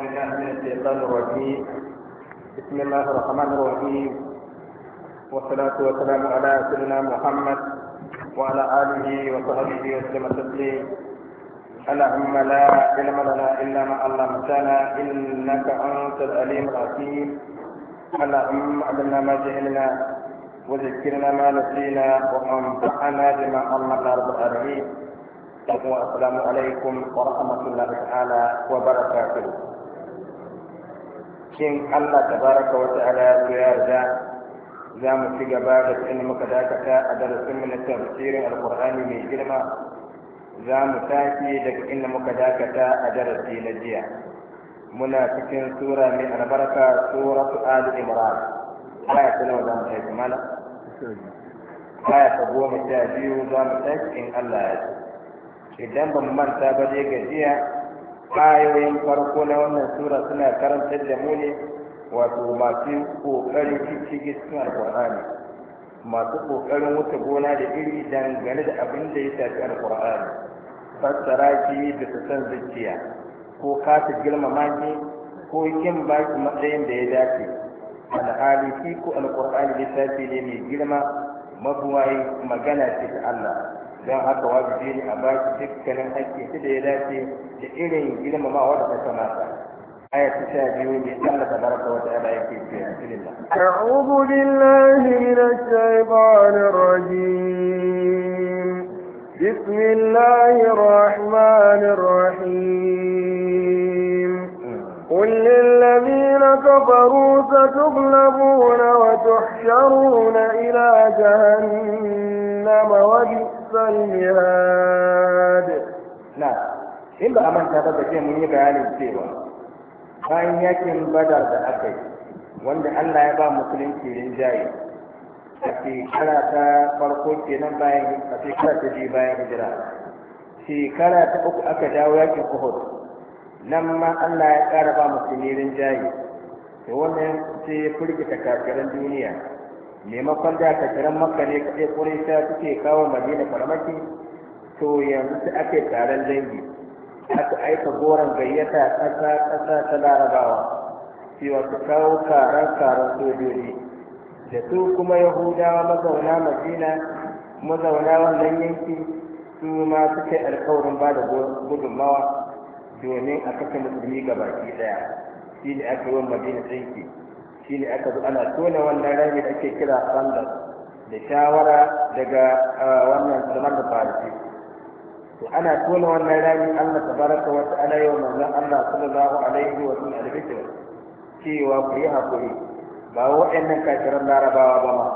بالله من الشيطان الرجيم بسم الله الرحمن الرحيم والصلاة والسلام على سيدنا محمد وعلى آله وصحبه وسلم تسليم اللهم لا علم لنا إلا ما علمتنا إنك أنت العليم الحكيم اللهم علمنا ما جهلنا وذكرنا ما نسينا وأنفعنا بما علمنا رب العالمين السلام عليكم ورحمة الله تعالى وبركاته in Allah tabaraka wa ta'ala ya yarda za mu ci gaba da tsanin muka dakata a darasin mu na tafsirin mai girma za mu tashi daga inda muka dakata a darasi na jiya muna cikin sura mai albarka ali imran aya ta nawa za mu mana aya ta goma sha biyu za mu in Allah ya idan ba mu manta ba dai gajiya ayoyin farko na wannan sura suna karantar da mu ne wato masu kokarin cikin cikin alkur'ani masu kokarin wuce gona da iri dangane da abin da ya shafi alkur'ani fassara shi da su san zuciya ko kasa girmama shi ko kin ba shi matsayin da ya dace alhali shi ko alkur'ani littafi ne mai girma mabuwayi magana ce ta Allah don haka wajibi ne a ba shi dukkanin haƙƙi su da ya dace da irin girmamawa da ta kamata آية أعوذ بالله من الشيطان الرجيم بسم الله الرحمن الرحيم قل للذين كفروا ستغلبون وتحشرون إلى جهنم وبئس المهاد نعم in ba a manta ba da ce mun yi bayanin cewa bayan yakin badar da aka yi wanda Allah ya ba musulunci rinjaye a shekara ta farko kenan bayan a shekara ta biyu bayan hijira shekara ta uku aka dawo yakin Uhud nan ma Allah ya ƙara ba musulmi rinjaye to wannan firgita duniya maimakon da kafiran makka ne kaɗai ta suke kawo madina farmaki to yanzu su ake taron dangi aka aika goron gayyata ƙasa ƙasa ta larabawa cewa su kawo karan karan sojoji da su kuma yahudawa mazauna madina mazauna wannan yanki su ma suke alkawarin ba da gudunmawa domin a kashe musulmi gabaki ɗaya shi ne aka yi wa madina tsinki shine aka zo ana tona wannan rami da ake kira sandal da shawara daga wannan zaman da farisi to ana tona wannan rami Allah tabaraka wa ta'ala yau manzo Allah sallallahu alaihi wa sallam alfitr cewa ku yi hakuri ba wa'annan kafiran larabawa ba ma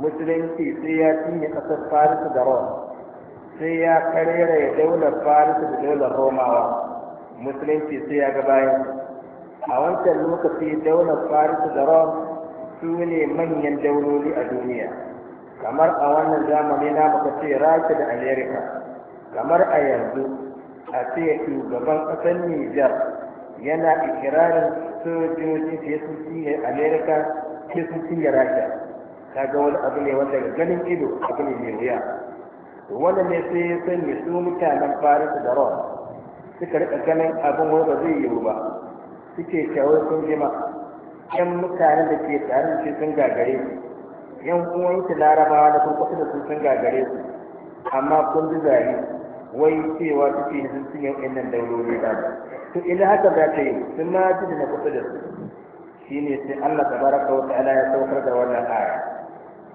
musulunci sai ya cinye kasar Farisu da rom sai ya karera ya daular Farisu da daular romawa musulunci sai ya ga bayan a wancan lokaci daular faris da rom su ne manyan dauloli a duniya kamar a wannan zamani na muka ce rasha da amerika kamar a yanzu a ce shugaban ƙasar nijar yana ikirarin sojoji da sun cinye amerika ke sun cinye rasha ga wani abu ne wanda ganin ido abu ne mai wuya wanda ne sai ya sanya su mutanen faris da rom suka rika ganin abin wanda zai yiwu ba suke kyawai sun jima yan mutane da ke tare da shi sun gagare su yan uwanki larabawa da kun kwata da su sun gagare su amma kun ji zari wai cewa suke yi sun cinye wa'annan daurori da to ina haka za ta yi sun ma ji da na kusa da su Shi ne sai Allah tabaraka wa ta'ala ya saukar da wannan aya ya Allah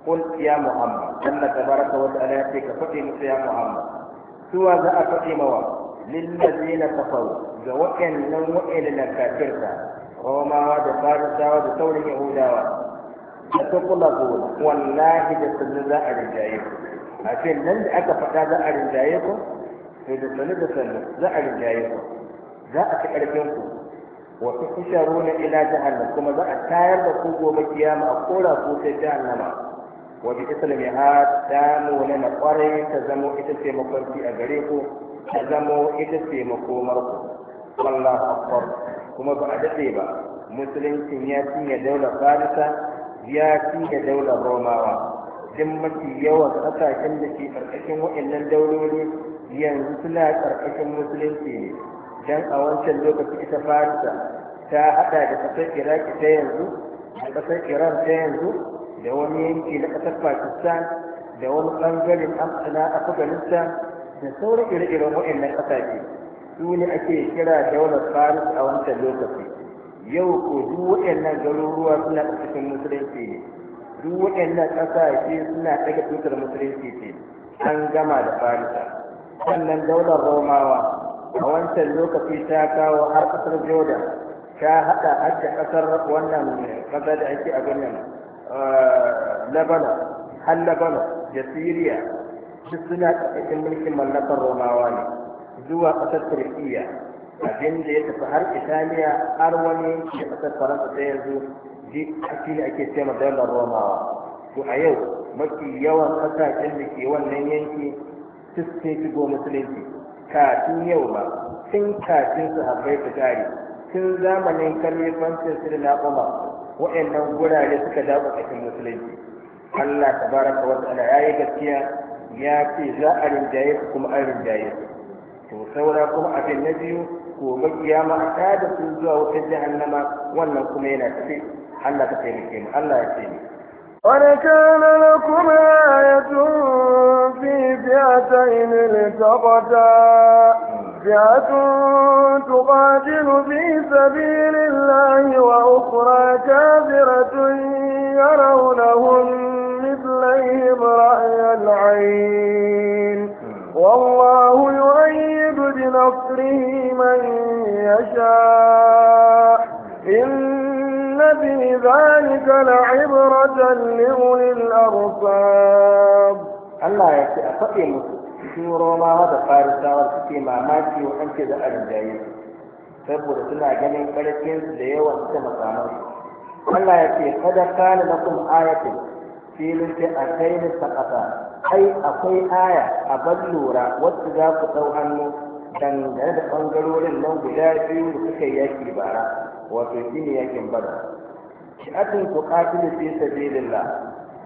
قل يا محمد الله تبارك وتعالى يعطيك فتي يا محمد سوى ذا فتي موا للذين كفروا ga waɗannan waɗanda na kafirta romawa da farisawa da saurin yahudawa a tukulaku wallahi da sannu za a rinjaye ku a ce nan da aka faɗa za a rinjaye ku to da sannu da sannu za a rinjaye ku za a ci ƙarfin ku wa na ila jahannam kuma za a tayar da ku gobe kiyama a kora ku sai jahannama wabi islamiha ta nuna na kwarai ta zamo ita ce mafarki a gare ku ta zamo ita ce makomar ku Allah akbar kuma ba a daɗe ba Musulunci ya cinye daular farisa ya cinye daular romawa duk mafi yawan ƙasashen da ke ƙarƙashin waɗannan daurori, yanzu suna ƙarƙashin musulunci ne don a wancan lokaci ita farisa ta haɗa da ƙasar iraki ta yanzu da ƙasar iran ta yanzu da wani yanki na ƙasar pakistan da wani ɓangaren na afghanistan da sauran ire-iren waɗannan ƙasashe su ake kira daular faris a wancan lokaci yau ko duk waɗannan garuruwa suna cikin musulunci ne duk waɗannan ƙasashe suna ɗaga tutar musulunci ce an gama da farisa sannan daular romawa a wancan lokaci ta kawo har ƙasar jordan ta haɗa har da ƙasar wannan ƙasa da ake a ganin lebanon har lebanon da syria duk suna ƙarƙashin mulkin mallakar romawa ne zuwa ƙasar Turkiyya, abin da ya tafi har italiya har wani yanki ƙasar faransa ta yanzu ji ake ne ake ce dalar romawa to a yau mafi yawan ƙasashen da ke wannan yanki duk sun shigo musulunci kafin yau ba tun kafin su habbai su gari tun zamanin kalifancin su da na umar waɗannan gurare suka dawo ƙasashen musulunci Allah tabaraka wa ta'ala yayi gaskiya ya ce za a rinjaye su kuma an rinjaye su to saura kuma abin na biyu gobe kiyama a tada su zuwa wutar jahannama wannan kuma yana tafi Allah ka taimake mu Allah ya taimake قد كان لكم آية في فئتين التقتا فئة تقاتل في سبيل الله وأخرى كافرة يرونهم مثليهم رأي العين والله يؤيد بنصره من يشاء إن في ذلك لعبرة لأولي الأرصاب الله يكفي أفقي مسلم روما هذا فارس وفقي ما ماتي وحنك ذا أرجعي فبولة لا جميع كالتين ليوان سمسانه الله يكفي هذا كان لكم آية filin sai a kai ni ƙasa, ai akwai aya a ban lura wacce za ku ɗau hannu dangane da ɓangarorin nan guda biyu da suka yaki bara wato shi ne yakin bada shi'atin ku katilu fi sabilillah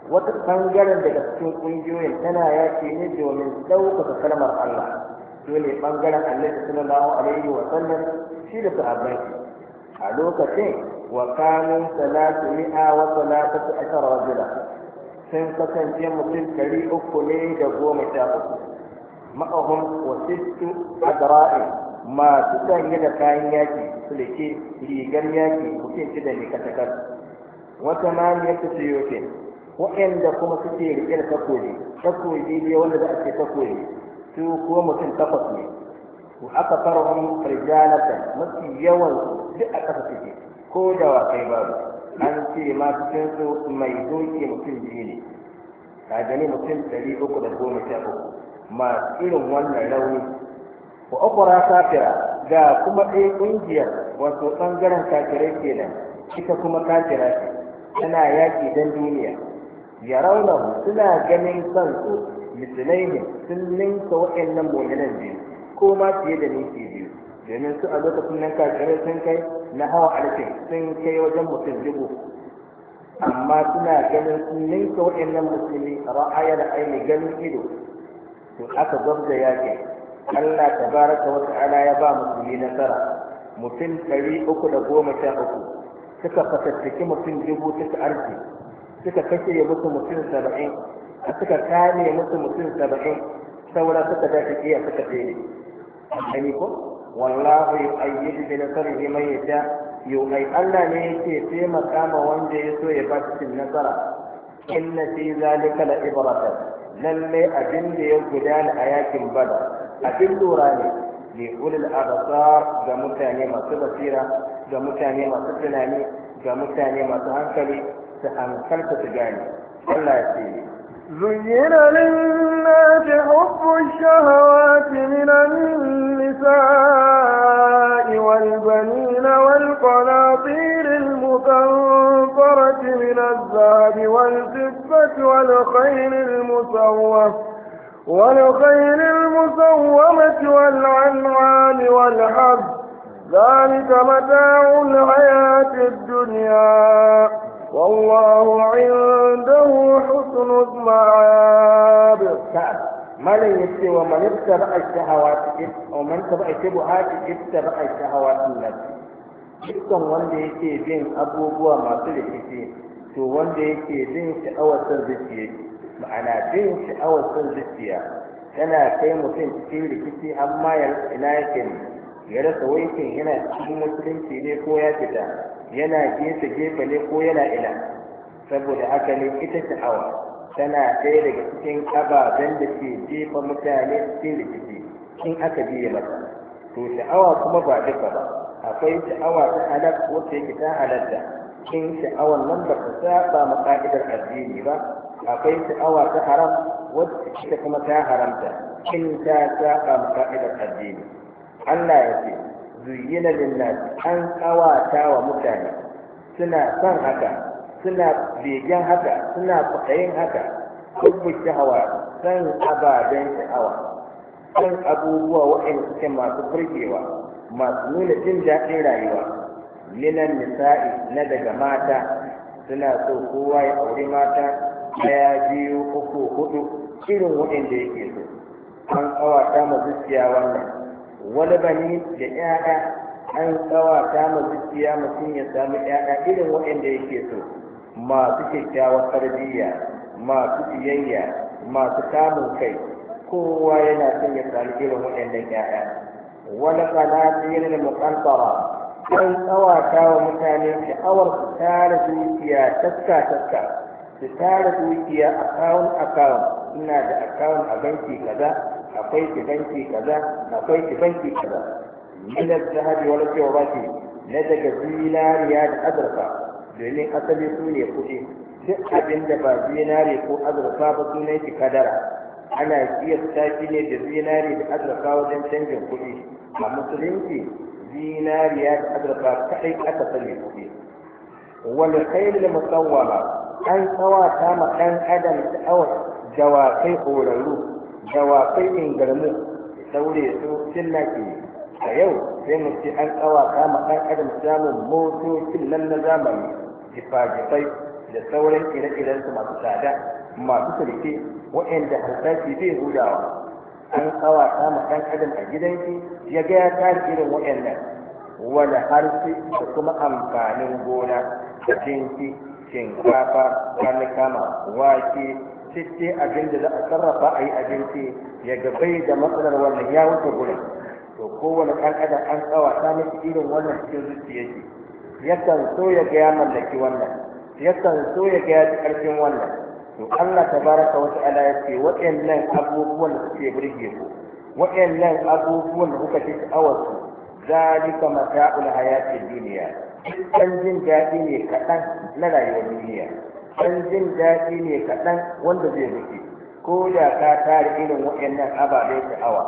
wata ɓangaren daga cikin ƙungiyoyin tana yaki ne domin ɗaukaka kalmar Allah dole ɓangaren Allah sallallahu alaihi wa sallam shi da sahabban a lokacin wa kanu salatu mi'a wa salatu ashara rajula sun kasance mutum ɗari uku ne da goma sha uku ma'ahun wasistu adra'in masu sanye da kayan yaƙi ke rigar yaƙi mutum shida ne katakar wata maniyar ta siyoke waɗanda kuma suke riƙe da takobi takobi ne wanda za a ce takobi su kuma mutum takwas ne ko aka fara hun rijalatan mafi yawan duk a ƙasa suke ko da wa kai babu an ce ma cikin su mai doke mutum biyu ne ka gani mutum dari uku da goma sha uku ma irin wannan rauni wa ukura kafira ga kuma ɗaya ƙungiyar wato ɓangaren kafirai kenan ita kuma kafira ce tana yaƙi don duniya ya rauna suna ganin su misalai sun ninka waɗannan muminan biyu ko ma fiye da ninki biyu domin su a lokacin nan kafirai sun kai na hawa alfin sun kai wajen mutum dubu amma suna ganin sun ninka waɗannan musulmi ra'aya da aini ganin ido to aka gwabza yaƙin Allah tabaraka wa ta'ala ya ba musulmi nasara mutum ɗari uku da goma sha uku suka fatattaki mutum dubu suka arki suka kashe ya mutu mutum saba'in a suka kame mutu mutum saba'in saura suka dace iya suka tsere an ko wallahu yu'ayyidu bi nasrihi man yasha yu'ay Allah ne yake taimaka ma wanda ya so ya ba cin nasara inna fi zalika la ibratan lalle abin da ya gudana a yakin bada abin lura ne li ulil abasar ga mutane masu basira ga mutane masu tunani ga mutane masu hankali su hankalta su gane زين للناس حب الشهوات من النساء والبنين والقناطير المقنطرة من الذهب والفضة والخيل المسومة والخيل المسومة والعنوان والحب ذلك متاع الحياة الدنيا والله عنده حسن المعاب malam ya ce wa man ittaba ash-shahawati wa man taba ash-shubuhati ittaba ash-shahawati nafsi dukkan wanda yake bin abubuwa masu rikici to wanda yake bin sha'awar son zuciya ma'ana bin sha'awar son zuciya tana kai mutum cikin rikici amma ina yake ne ya rasa waikin yana cikin musulunci ne ko ya fita yana gefe gefe ne ko yana ina saboda haka ne ita sha'awa tana ɗaya daga cikin ababen da ke jefa mutane cikin rikici kin aka biye masa. to sha'awa kuma ba duka ba akwai sha'awa ta halak wacce yake ta halarta, kin sha'awar nan ba ta saba ma ka'idar addini ba akwai sha'awa ta haram wacce ita kuma ta haramta in ta saba ma ka'idar addini Allah ya ce zuyyina linnasi an kawata wa mutane suna son haka suna begen haka suna fadayin haka hubbu shahawa san ababen sha'awa san abubuwa waɗanda suke masu burgewa masu nuna jin daɗin rayuwa minan nisa'i na daga mata suna so kowa ya auri mata ɗaya biyu uku hudu irin waɗanda yake so an ƙawata ma zuciya wannan wani bani da ƴaƴa an tsawata ma zuciya mutum ya samu ƴaƴa irin waɗanda yake so masu kyakkyawar tarbiyya masu biyayya masu kamun kai kowa yana son ya samu irin waɗannan ƴaƴa wani qanatir da muƙantara an tsawata wa mutane sha'awar su tara zuciya taska taska su tara zuciya akawun akawun ina da akawun a banki kaza akwai ki banki kaza akwai ki banki kaza min az-zahabi wal fi'ati na daga zinariya da azurfa domin asali su ne kuɗi duk abin da ba zinari ko azurfa ba sunan ki kadara ana iya tashi ne da zinari da azurfa wajen canjin kuɗi a musulunci zinariya da azurfa kaɗai aka sani kuɗi wani kailin musawwama an tsawata ma ɗan adam da awa dawakai horarru dawakai in garmu daure su sinnaki a yau sai mu ce an tsawata ma ɗan adam samun motocin nan na zamani jifajifai da sauran ire-irensu masu tsada masu sulke waɗanda harsashi zai hudawa an tsawata ma ɗan adam a gidanki ya ga ya irin waɗannan wala harshe da kuma amfanin gona da jinki shinkafa kwanuka wake cece abin da za a sarrafa a yi abinci ya gabai da matsalar wannan ya wuce gurin to kowane ɗan adam an tsawata miki irin wannan cikin zuciya ce yakan so ya ga ya mallaki wannan yakan so ya ga ya ji ƙarfin wannan to Allah tabaraka wa ta'ala ya ce waɗannan abubuwan da suke burge ku waɗannan abubuwan da kuka ci sha'awarsu zalika mata'ul hayatid duniya kan jin daɗi ne kaɗan na rayuwar duniya ɗan jin daɗi ne kaɗan wanda zai rufe. ko da ka tare irin waɗannan ababen sha'awa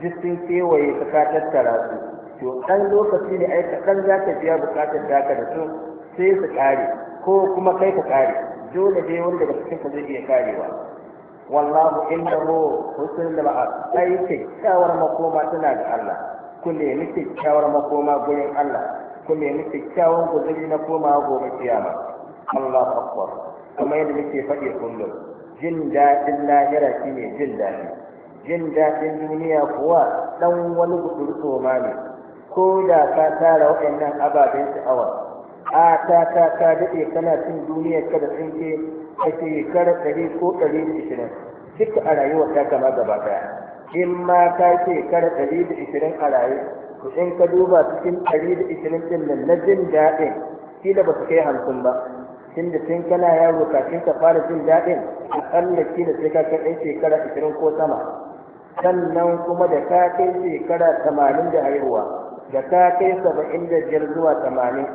duk sun kewaye ka ka tattara su to ɗan lokaci ne ai kaɗan za ka biya buƙatar daka da su sai su ƙare ko kuma kai ka ƙare dole dai wanda daga cikin ka zai iya ƙarewa wallahu innahu husnul ma'a ai kyakkyawar makoma tana da Allah ku nemi kyakkyawar makoma gurin Allah ku nemi kyakkyawan guzuri na komawa gobe kiyama Allahu akbar kamar yadda muke faɗi kullum jin daɗin lahira shine jin daɗi jin daɗin duniya kuwa ɗan wani gudurto ma ne ko da ka tara waɗannan ababen sha'awa a ta ta ta daɗe kana cin duniya ka da tsinke a shekarar ɗari ko ɗari da ishirin duka a rayuwar ta kama gaba ɗaya in ma ka shekarar ɗari da ishirin a rayu Ku in ka duba cikin ɗari da ishirin ɗin nan na jin daɗin kila ba su kai hamsin ba tun da tun kana yaro kafin ka fara jin daɗin aƙalla da sai ka kai shekara ashirin ko sama sannan kuma da ka kai shekara tamanin da haihuwa da ka kai saba'in da biyar zuwa tamanin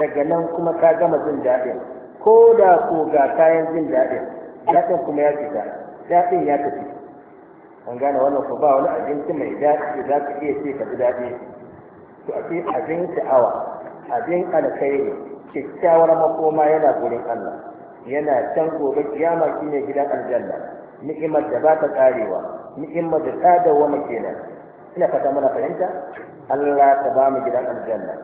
daga nan kuma ka gama jin daɗin ko da ko ga kayan jin daɗin daɗin kuma ya fita daɗin ya tafi an gane wannan ku ba wani abinci mai daɗi da za ka iya ce ka ji daɗi to a ce abin sha'awa abin alkhairi kyakkyawar makoma yana gurin Allah yana can gobe kiyama shine gidan aljanna ni'imar da ba ta karewa ni'imar da ta dawwama kenan ina fata muna fahimta Allah ka ba mu gidan aljanna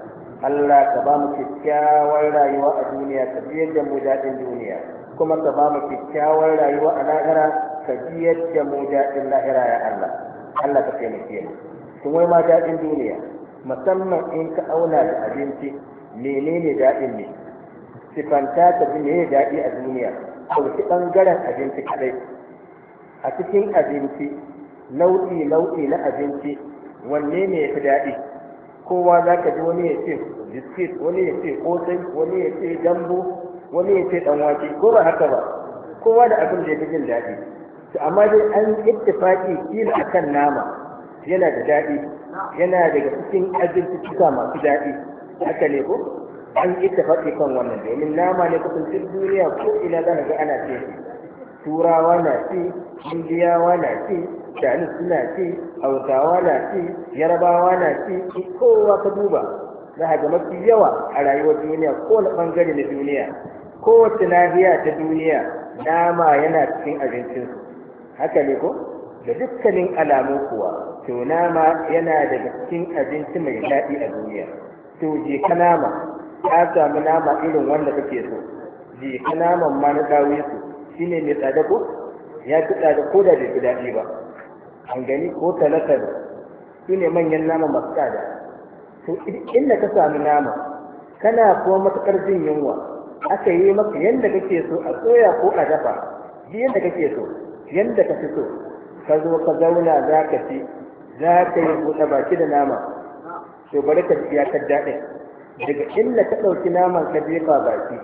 Allah ka ba mu kyakkyawar rayuwa a duniya ka biyar da mu daɗin duniya kuma ka ba mu kyakkyawar rayuwa a lahira ka biyar da mu daɗin lahira ya Allah Allah ka taimake mu tun wai ma daɗin duniya musamman in ka auna da abinci menene daɗin ne sifanta ta bi ne daɗi a duniya ɗauki ɓangaren abinci kaɗai a cikin abinci nau'i nau'i na abinci wanne ne ya fi daɗi kowa za ka ji wani ya ce biskit wani ya ce kosai wani ya ce dambu wani ya ce ɗanwake ko ba haka ba kowa da abin da ya fi jin daɗi to amma dai an ittifaki kila akan nama yana da daɗi yana daga cikin abincicika masu daɗi haka ne ko an yi faɗi kan wannan domin nama ne kusan cikin duniya ko ina za ga ana ce turawa na ce indiyawa na ce shanis suna ce hausawa na ce yarabawa na ce kowa ka duba za a ga mafi yawa a rayuwar duniya ko na bangare na duniya kowace nahiya ta duniya nama yana cikin abincinsu haka ne ko da dukkanin alamu kuwa to nama yana daga cikin abinci mai daɗi a duniya to je ka nama ka samu nama irin wanda kake so je ka naman ma na dawo su shine mai tsada ko ya fi tsada ko da bai fi daɗi ba an gani ko talakar su ne manyan nama masu tsada to inda ka samu nama kana kuma matuƙar jin yunwa aka yi maka yadda kake so a tsoya ko a dafa ji yadda kake so yadda ka fi so ka zo ka zauna za ka ci za ka yi buɗe baki da nama to bari ka biya ka daɗe daga illa ka ɗauki naman ka ba baki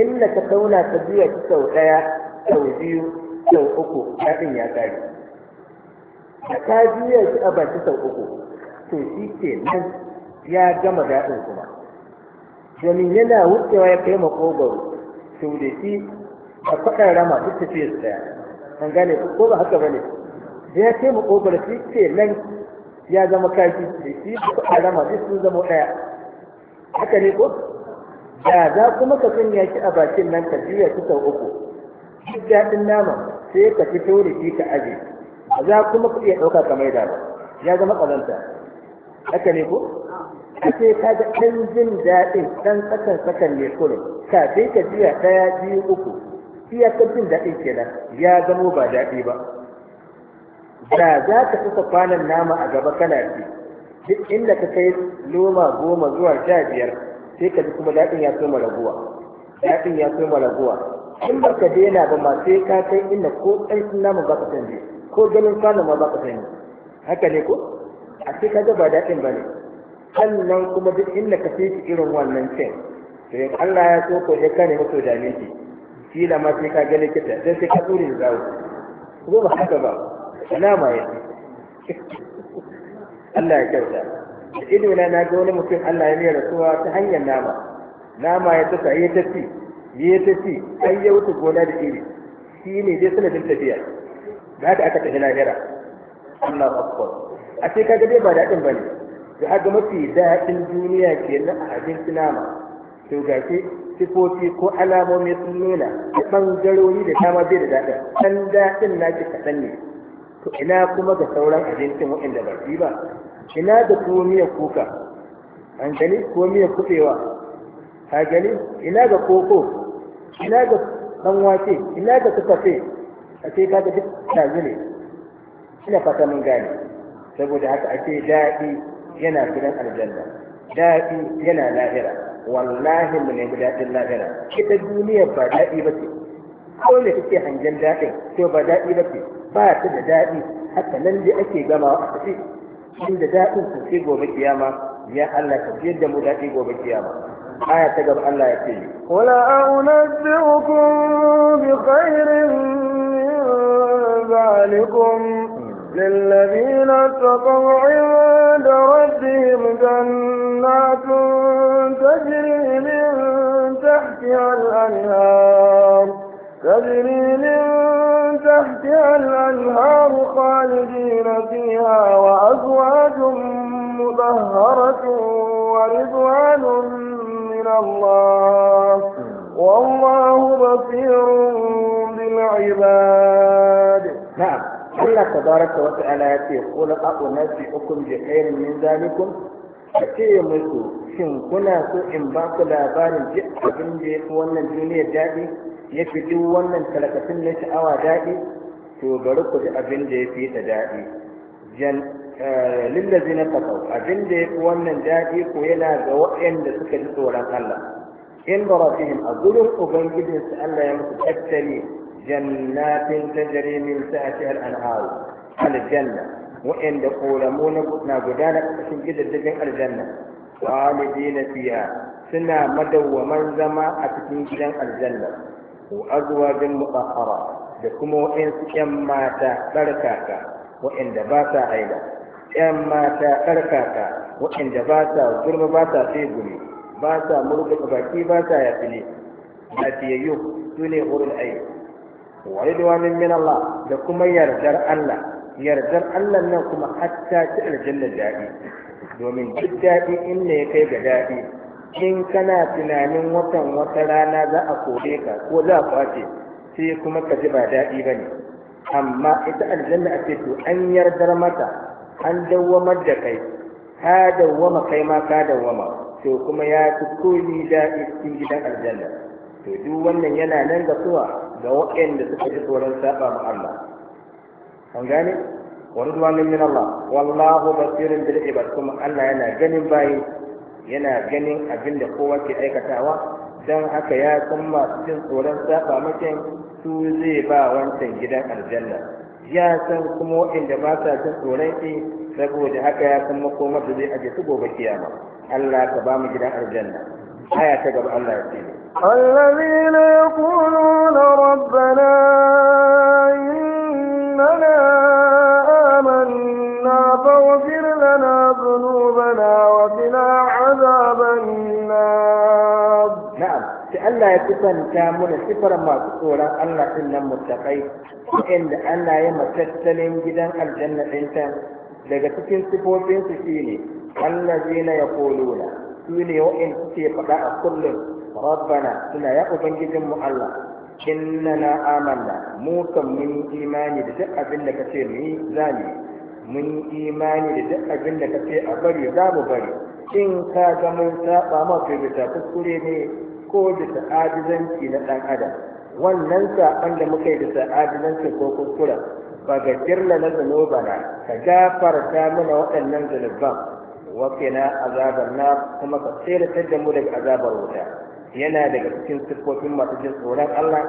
illa ka tauna ka biya ki sau ɗaya sau biyu sau uku daɗin ya ƙare da ka biya shi a baki sau uku to shi ke nan ya gama daɗin kuma domin yana wucewa ya kai makogwaro to da shi a faɗar rama duk tafiya su ɗaya an gane ko ba haka ba ne da ya kai makogwaro shi ke nan ya zama kafi da shi a rama duk sun zama ɗaya haka ne ko da za kuma ka sanya shi a bakin nan ka juya shi sau uku duk daɗin nama sai ka fito da shi ka aje za kuma ku iya ɗauka ka maida ba ya zama ƙazanta haka ne ko ake ka ga ɗan jin daɗin ɗan tsakan tsakan ne kuma ka sai ka juya ɗaya biyu uku iya ka jin daɗin kenan ya zamo ba daɗi ba da za ka saka kwanan nama a gaba kana ce duk inda ka kai loma goma zuwa sha biyar sai ka ji kuma daɗin ya soma raguwa daɗin ya soma raguwa in ba ka daina ba ma sai ka kai inda ko ƙarfin naman ba ka canje, ko ganin kwanan ma ba ka sani. haka ne ko a sai ka ga ba daɗin ba ne sannan kuma duk inda ka fi irin wannan cin to in Allah ya so ko ya kane mutu da miki kila ma sai ka gani kita sai sai ka tsuri da zawo ko ba haka ba nama ya Allah ya kyauta da ido na na wani mutum Allah ya mai rasuwa ta hanyar nama nama ya ya tafi ya tafi ai ya wuce gona da iri shi ne dai sanadin tafiya da haka aka tafi lahira Allah akbar a sai kaga dai ba daɗin bane da haka mafi daɗin duniya kenan a abinci nama to ga ke sifofi ko alamomi sun nuna ɓangarori da dama bai da daɗin ɗan daɗin na ke kaɗan ne to ina kuma ga sauran abincin waɗanda ba su ba ina da tuwo kuka an gani ko miyar kuɓewa ka gani ina ga koko ina ga ɗan ina ga tufafe a ce ka da duk tazi ne ina fata mun gane saboda haka ake daɗi yana gidan aljanna daɗi yana lahira wallahi mu nemi daɗin lahira ita duniya ba daɗi ba ce ko ne kake hangen daɗin to ba daɗi ba ce ba da daɗi haka nan da ake gama a tafi inda daɗin su sai gobe kiyama ya Allah ka biyar da mu daɗi gobe kiyama aya ta gaba Allah ya ce wala unabbiukum bi khairin min zalikum للذين اتقوا عند ربهم جنات تجري من تحتها الأنهار تجري من تحتها الأنهار خالدين فيها وأزواج مبهرة ورضوان من الله والله بصير بالعباد نعم الله تبارك وتعالى يقول أنبئكم بخير من ذلكم فكي يمسوا شنكنا سوء باقي لابان جئت من جئت الدنيا جائي ya fi duk wannan talakatun na sha'awa daɗi to bari ku ji abin da ya fi ta daɗi eh, lillazi na takau abin da ya fi wannan daɗi ko yana ga waɗanda suka ji tsoron Allah in ba rafihim a gurin ubangijinsu Allah ya musu tattali jannatin tajari min sa'ati al-anhar aljanna waɗanda na gudana ƙarƙashin gidajen aljanna khalidina fiha suna madawwaman zama a cikin gidan aljanna وأزواج مطهرات لكم وإن كما تركاك وإن دباتا عيدا كما تركاك وإن دباتا ظلم باتا في قلي باتا مربط باكي باتا يفلي أتييو سني غور الأي وردوان من الله لكم يردر الله يردر الله لكم حتى تأل جل دائي ومن جد دائي إني كيف دائي in kana tunanin watan wata rana za a kore ka ko za a kwace sai kuma ka ji ba daɗi ba ne amma ita aljanna a ce to an yardar mata an dawwamar da kai ka dawwama kai ma ka dawwama to kuma ya fi koli daɗi cikin gidan aljanna to duk wannan yana nan ga suwa ga waɗanda suka ji tsoron saba ma Allah an gane wa ridwanin min Allah wallahu basirin bil ibad kuma Allah yana ganin bayi yana ganin abin da kowa ke aikatawa don haka ya san masu jin tsoron safa mutum su zai ba wancan gidan aljanna ya san kuma waɗanda ba sa jin tsoron shi saboda haka ya san makomar da zai aje su gobe kiyama Allah ka ba mu gidan aljanna aya ta gaba Allah ya ce الذين يقولون ربنا إننا لنا ذنوبنا وقنا عذاب النار نعم تألا يتفن كامون سفر ما تقول الله إلا متقي إن أنا يما تستلم جدا الجنة إنت لقد تكون سفوتين الذين يقولون سيني وإن في فقاء كل ربنا إنا يقفن جدا الله إننا آمنا موسى من إيمان بسعة بلك سيني ذاني mun yi imani da duk abin da ka ce a bari za mu bari in ka ga mun saba ma kai bisa kuskure ne ko bisa ajizanci na ɗan adam wannan saɓan da muka yi bisa ajizanci ko kuskura ba ga na na ka gafarta mana waɗannan zunuban wakina azabar na kuma ka tsere da mu daga azabar wuta yana daga cikin siffofin masu jin tsoron Allah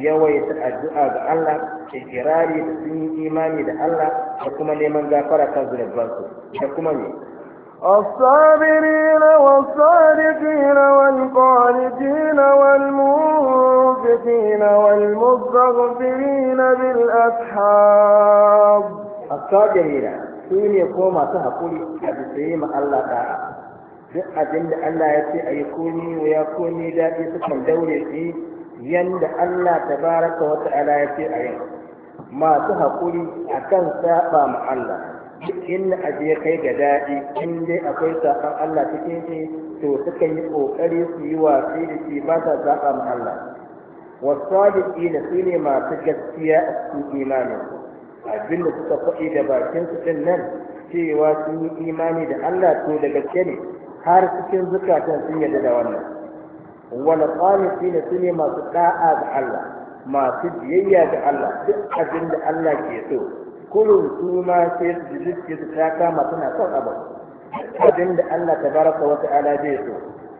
yawaita addu'a ga Allah ikirari da sun yi imani da Allah da kuma neman gafara kan su, da kuma ne الصابرين والصادقين والقانتين والمنفقين والمستغفرين بالأسحاب الصابرين سوني كوما تهقولي أبسيما الله تعالى duk abin da Allah ya ce a yi komi ya komi daɗi sukan daure shi yanda Allah ta baraka wata ala ya ce a yau masu haƙuri akan saɓa ma Allah duk inda aje kai ga daɗi in dai akwai saban Allah cikin shi to sukan yi ƙoƙari su yi watsi da shi ba sa saba ma Allah والصادقين سوني masu gaskiya su إيمانه abin da suka faɗi da bakin su ɗin nan cewa sun yi imani da Allah to da gaske ne har cikin zukatan sun yarda da wannan wala qanitina sune masu ɗa'a ga Allah masu biyayya ga Allah duk abin da Allah ke so kullum su ma sai su ji su ta kama suna son abu abin da Allah tabaraka wa ta'ala zai so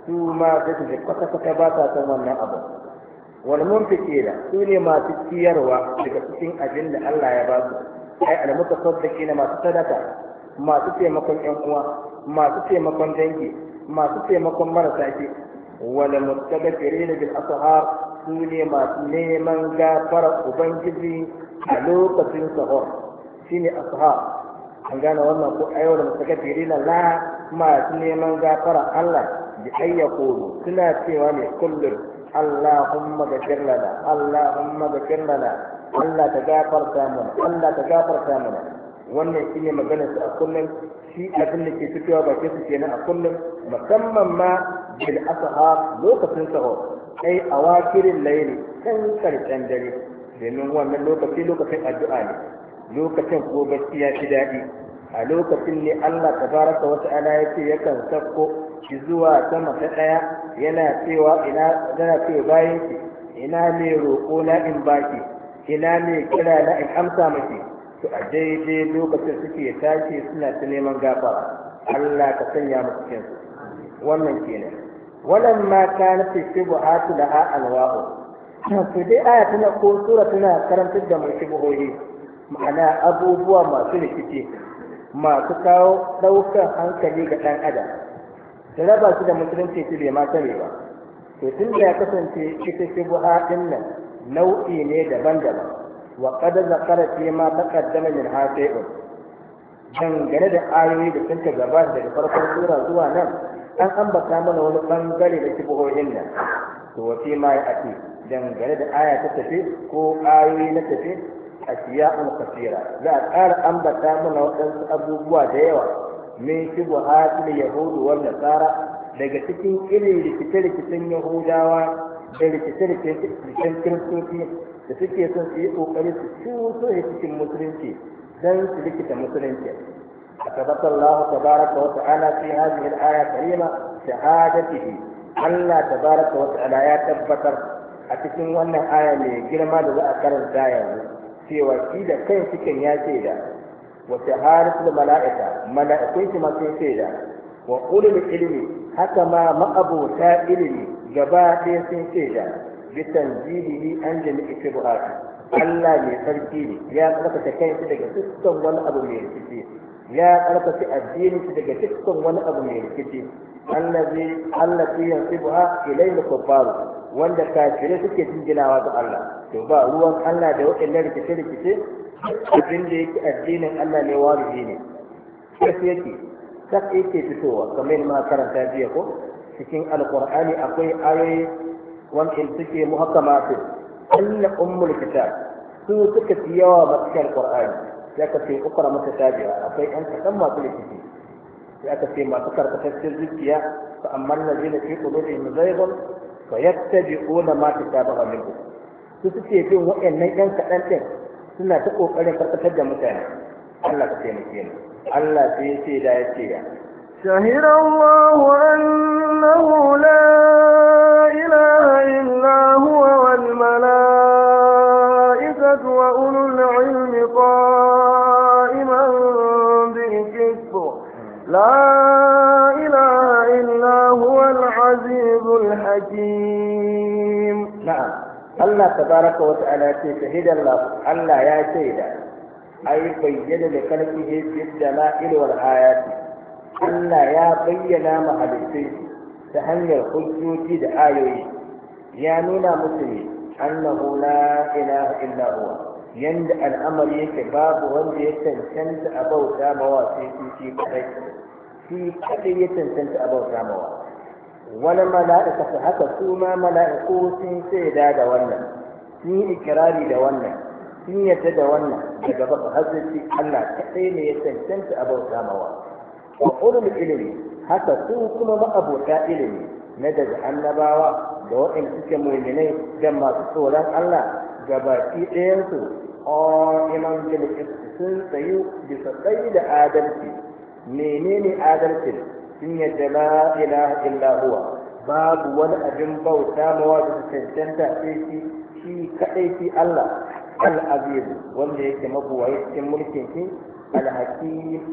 su ma sai su ji kwata kwata ba sa son wannan abu wal Su ne masu ciyarwa daga cikin abin da Allah ya ba su ai al mutasaddiqina masu sadaka masu taimakon 'yan uwa masu taimakon dangi masu taimakon marasa ke wala da bil ashar su ne masu neman gafara ubangiji a lokacin sahur ne ashar an gane wannan ko ayyau da mustagfirina la masu neman gafara Allah bi ayyakulu suna cewa ne kullum اللهم ذكر لنا اللهم Allah ta الله تغفر Allah ta تغفر ثامنا wannan shi ne maganar su a kullum shi abin da ke fitowa ba su kenan a kullum musamman ma bil asha lokacin sahur ai awakirin layini, kan karshen dare domin wannan lokaci lokacin addu'a ne lokacin ko gaskiya shi daɗi a lokacin ne Allah ta tabaraka wa ta'ala ce yakan sako zuwa sama ta ɗaya? yana cewa ina yana bayin bayan ina mai roƙo na in baki ina mai kira na in amsa maki to a daidai lokacin suke tashi suna ta neman gafara Allah ka sanya musu cikin su wannan kenan wannan ma ta nufi shubuhatu da alwahu to dai aya tana ko sura tana karantar da mu shubuhohi ma'ana abubuwa masu rikici masu kawo ɗaukar hankali ga ɗan adam da raba su da musulunci su bai ma sani ba to tun da ya kasance ita shubuha ɗin nan nau'i ne daban-daban وقد ذكر فيما تقدم من هاتئ dangane da ayoyi da sun gabata daga farkon sura zuwa nan an ambata mana wani bangare da kibohoyin nan to wafi ma ya ake dangane da aya ta tafi ko ayoyi na tafi a siya'un kafira za a ƙara ambata mana waɗansu abubuwa da yawa min kibohatil yahudu wa nasara daga cikin irin rikice-rikicen yahudawa da rikice-rikicen kiristoci da suke son su yi ƙoƙari su cuso ya cikin musulunci dan su likita musulunci أثبت الله تبارك وتعالى في هذه aya karima شهادته Allah ta wa ta'ala ya tabbatar a cikin wannan aya mai girma da za a karanta yanzu cewa shi da kan cikin ya ce da wa shahadatul mala'ika mala'ikun ma sun ce da wa ulul ilmi haka ma ma'abota ilimi gaba ɗaya sun ce da bitanzilihi an jami'i shubhati Allah mai sarki ne ya karfafa shi daga dukkan wani abu mai rikici ya karfafa addinin daga dukkan wani abu mai rikici allazi allati yansibuha ilayhi kuffaru wanda kafirai suke jinginawa ga Allah to ba ruwan Allah da waɗannan rikice-rikice abin da yake addinin Allah ne wajibi ne sai yake sai yake fitowa kamar ma karanta jiya ko cikin alqur'ani akwai ayoyi wanda suke muhakkamatu anna ummul kitab su suka fi yawa matsayin qur'ani ya ka ce ukra mutatabi'a akwai an kadan masu likiti, sai aka ce masu karkataccen zuciya fa amman ladina fi qulubihim zayghun fa yattabi'una ma tatabaha minhu su suke bin waɗannan 'yan kaɗan ɗin suna ta ƙoƙarin karkatar da mutane Allah ka taimake ni, Allah sai ya ce da ya ce ya shahira Allah annahu la إله إلا هو والملائكة وأولو العلم قائما بالكفر لا إله إلا هو العزيز الحكيم نعم الله تبارك وتعالى شهد الله الله يا سيدة أي بين لخلقه في الدلائل والآيات الله يا بين ما حدثت ta hanyar hujjoji da ayoyi ya nuna musu ne annahu la ilaha illa huwa yanda al'amari yake babu wanda ya cancanta a bauta mawa sai shi shi kadai shi kadai ya cancanta a bauta mawa wani mala'ika su haka su ma mala'iku sun shaida da wannan sun yi ikirari da wannan sun yadda da wannan daga ba su Allah kadai ne ya cancanta a bauta mawa wa ilimi. haka ku kuma ma'abota ilimi na daga annabawa da waɗanda suke muminai da masu tsoron Allah ga baki ɗayansu ƙa'iman bilkis sun tsayu bisa tsayi da adalci menene adalcin sun yadda la ilaha illa huwa babu wani abin bauta mawa da cancanta sai shi shi kaɗai shi Allah al wanda yake mabuwa cikin mulkin shi al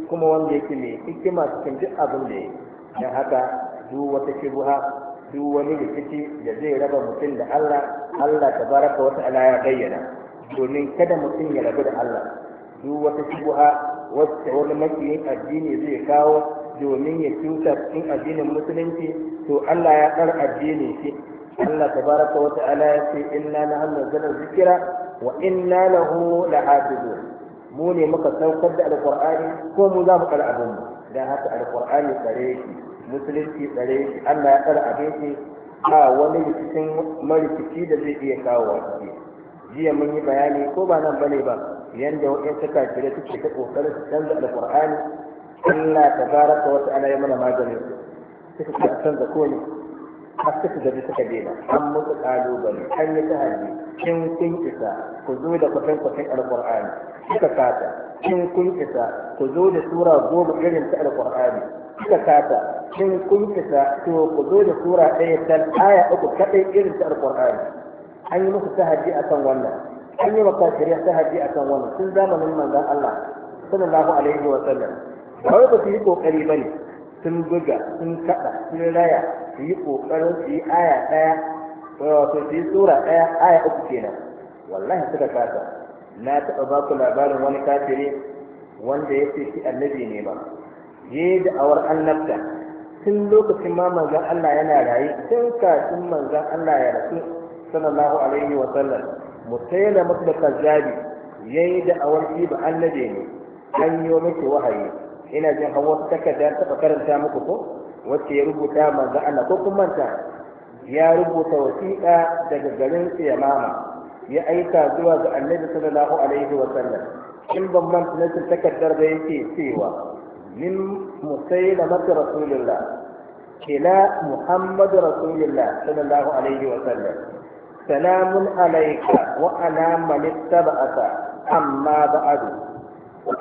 kuma wanda yake mai hikima cikin duk abin da yake don haka duk wata shubha duk wani rikici da zai raba mutum da Allah Allah tabaraka wa ta'ala ya bayyana domin kada mutum ya rabu da Allah duk wata shubha wacce wani makiyin addini zai kawo domin ya cuta in addinin musulunci to Allah ya kar addini shi Allah ta baraka wa ta'ala ya ce inna nahnu nazzalna zikira, wa inna lahu lahafizun mu ne muka saukar da alqur'ani ko mu za mu kar abun mu dan haka alkur'ani tsare yake musulunci tsare yake Allah ya tsara abin shi ba wani rikicin marikici da zai iya kawo wa jiya mun yi bayani ko ba nan bane ba yanda wa'in suka kira suke ta kokarin su canza alqur'ani Allah tabaraka wa ta'ala ya mana maganin suka canza ko har suka gaji suka dena an musu kalubale an yi ta hannu kin kun isa ku zo da kwatan kwatan alqur'ani suka kata kin kun isa ku zo da sura goma irin ta alƙur'ani? suka kata kin kun isa to ku zo da sura ɗaya ta aya uku kadai irin ta alƙur'ani? an yi musu ta a kan wannan an yi maka shari'a a kan wannan tun zamanin manzon Allah sallallahu alaihi wa sallam ba wai ba su yi kokari ne. sun buga sun kada sun raya su yi ƙoƙarin su yi aya ɗaya wato su yi sura ɗaya aya uku kenan wallahi suka kasa na taɓa ba ku labarin wani kafiri wanda ya ce shi annabi ne ba ya da awar annabta tun lokacin ma manzon Allah yana rayu tun kafin manzon Allah ya rasu sallallahu alaihi wa sallam mutayyana mutu kazzabi yayi da awar ibu annabi ne an yi miki wahayi ina jin hawa takarda taɓa karanta muku ko wacce ya rubuta manzo Allah ko kun manta ya rubuta wasiƙa daga garin Yamama ya aika zuwa ga Annabi sallallahu alaihi wa sallam in ban manta na takardar da yake cewa min musailamati rasulillah kila muhammad rasulillah sallallahu alaihi wa sallam salamun alayka wa ala man ittaba'aka amma ba'du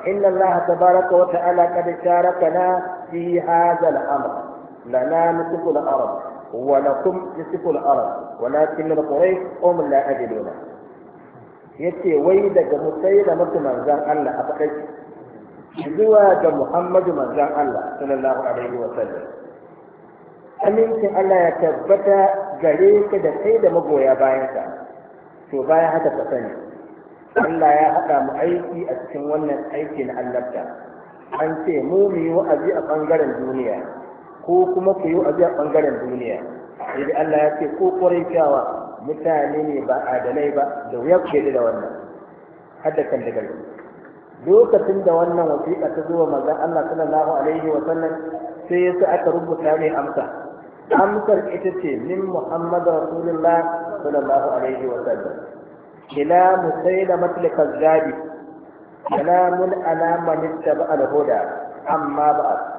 إن الله تبارك وتعالى قد شاركنا في هذا الأمر لنا نصف الأرض ولكم نصف الأرض ولكن القريش هم لا أدلون yace wai daga musai da mutu manzan Allah a fakai zuwa ga Muhammadu manzan Allah sallallahu alaihi wa Allah ya tabbata gare ka da kai da magoya bayan to bayan haka ka sani Allah ya haɗa mu aiki a cikin wannan aiki na annabta an ce mu mu yi wa'azi a ɓangaren duniya ko kuma ku yi abiya ɓangaren duniya sai Allah ya ce ko ƙwarai kyawa mutane ne ba adalai ba da wuya ku da wannan hadda kan daga lokacin da wannan wasiƙa ta zuwa manzon Allah sallallahu alaihi wa sallam sai ya yasa aka rubuta ne amsa amsar ita ce min Muhammad Rasulullah sallallahu alaihi wa sallam ila musailamah al-kazzabi kalamun ala man ittaba al-huda amma ba'd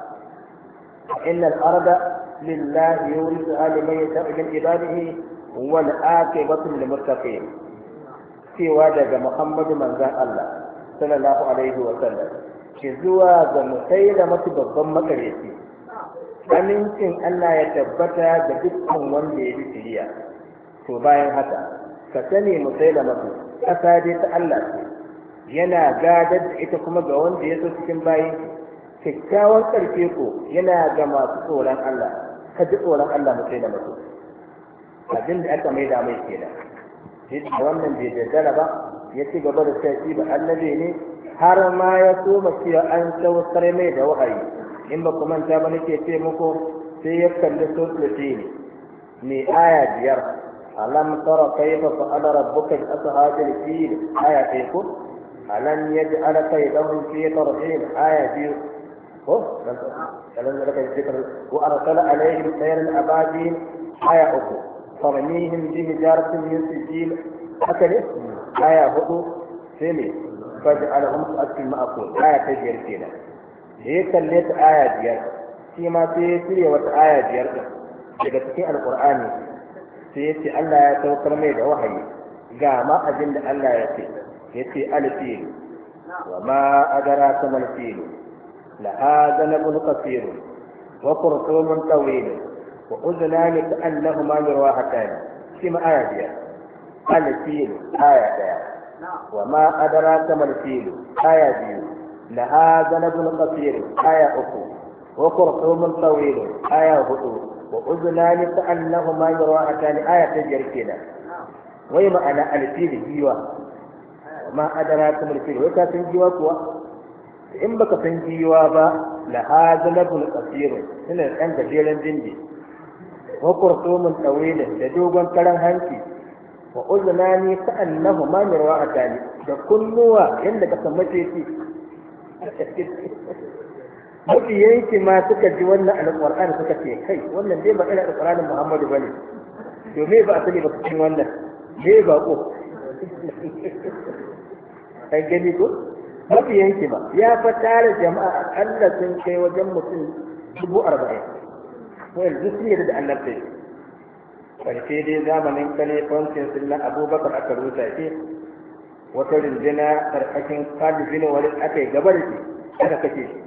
إن الأرض لله يورثها لمن يشاء من عباده والعاقبة للمتقين في وادق محمد من ذا الله صلى الله عليه وسلم ki zuwa ga musaila babban makareci amincin Allah ya tabbata da dukkan wanda ya bi shiriya to bayan haka ka sani musaila masu ƙasa dai ta Allah ce yana gadar da ita kuma ga wanda ya so cikin bayan kyakkyawan ƙarfe ko yana ga masu tsoron Allah ka ji tsoron Allah mutai da mutum abin da aka maida mai da, yadda wannan bai daddara ba ya ci gaba da sai ba annabi ne har ma ya soma cewa an saukar mai da wahayi in ba ku manta ba nake ce muku sai ya kalli sosai ne mai aya biyar alam tara kayfa fa'ala rabbuka bi ashabil fil aya ɗaya ko alam yaj'al kaydahum fi tarhib aya biyu ko kalan da kai zikr wa arsala alaihim tayran uku bi min sijil haka ne sai ne ta biyar kenan da ya kalle ta aya biyar shi ma sai ya shirya wata aya biyar din daga cikin alqur'ani sai ya ce Allah ya saukar mai da wahayi ga ma abin da Allah ya ce ya ce alfilu لها ذنب قصير وخرطوم طويل وأذنان كأنهما مروحتان سمع آية الفيل آية وما أدراك ما الفيل آية دي لها ذنب قصير آية أخو وخرطوم طويل آية هدو وأذنان كأنهما مروحتان آية تجركنا وي معنى الفيل جيوة وما أدراك ما الفيل وكاسم جيوة in baka san giwa ba la hazalabul qasir suna ɗan gajeren dindi wa qurtumun tawilin da dogon karan Hanki, wa uzunani ka annahu ma mirwa atali da kunnuwa yanda ka san mace ce mafi yanki ma suka ji wannan alƙur'ani suka ce kai wannan dai ba irin alƙur'anin Muhammadu bane to me ba a sani ba cikin wannan me ba ko an gani ko mafiyan ki ba ya fa tare jama'a akalla sun kai wajen mutum dubu arba'in wani duk sun yadda da annabta karshe dai zamanin kalifancin sunan abubakar aka rusa ke. wata rinjina karkashin kalifin wani aka yi gaba da shi aka kashe shi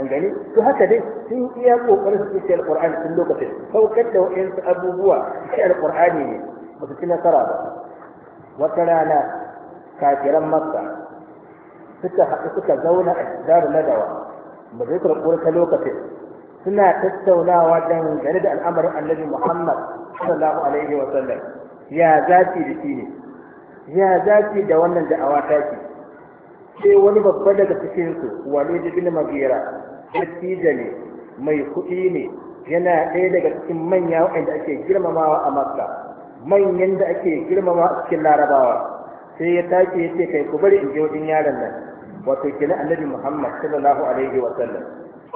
an gani to haka dai sun iya kokarin su ce alqur'ani tun lokacin saukar da waɗansu abubuwa shi alƙur'ani ne ba su ci nasara ba wata rana kafiran makka suka haɗu suka zauna a daru nadawa majalisar ƙurka lokacin suna tattaunawa gani da al'amarin annabi muhammad sallallahu alaihi wa sallam ya zaci da shi ne ya zaci da wannan da'awa ta ce sai wani babban daga cikinsu walid ibn magira dattijo ne mai kuɗi ne yana ɗaya daga cikin manya waɗanda ake girmamawa a makka manyan da ake girmamawa a cikin larabawa sai ya tashi ya ce kai ku bari in je wajen yaron nan wato kenan annabi Muhammad sallallahu alaihi wa sallam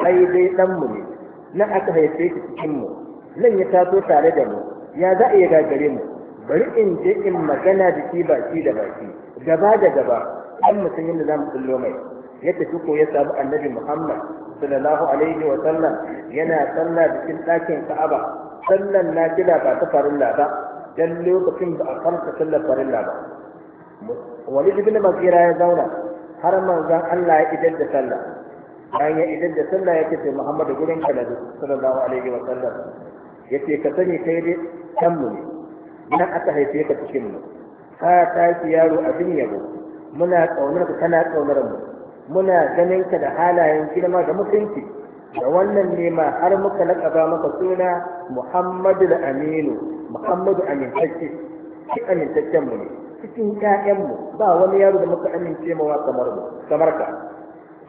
ai dai dan mu ne nan aka haife shi cikin mu nan ya taso tare da mu ya za a yi gagare mu bari in je in magana da shi baki da baki gaba da gaba an mu san za mu kullo mai ya tafi ko ya samu annabi Muhammad sallallahu alaihi wa sallam yana sallah cikin ɗakin Ka'aba sallan nafila ba ta farilla ba dan lokacin ba a farka sallar farilla ba wani jibin Mughira ya zauna har manzon Allah ya idar da sallah bayan ya idar da sallah ya ce Muhammadu gurin ka sallallahu alaihi wa sallam ya ce ka sani kai dai can mu ne nan aka haife ka cikin mu ka tashi yaro abin yabo muna kaunar ka kana kaunar mu muna ganin ka da halayen girma da mutunci da wannan nema har muka laƙaba maka suna Muhammadu Aminu Muhammadu amintacce shi amintaccen mu ne cikin ƴaƴanmu ba wani yaro da muka amince mawa kamar mu kamar ka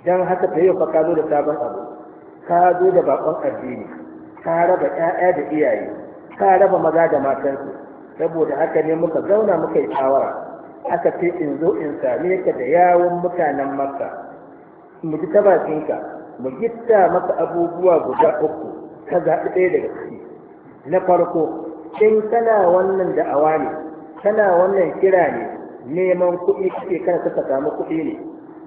dan haka ta yau fa ka zo da sabon abu ka zo da bakon addini ka raba ƴaƴa da iyaye ka raba maza da matansu saboda haka ne muka zauna muka yi shawara aka ce in zo in same ka da yawon mutanen makka mu ji ta bakinka mu gitta maka abubuwa guda uku ka zaɓi ɗaya daga ciki na farko in kana wannan da'awa ne kana wannan kira ne neman kuɗi kake kana ka samu kuɗi ne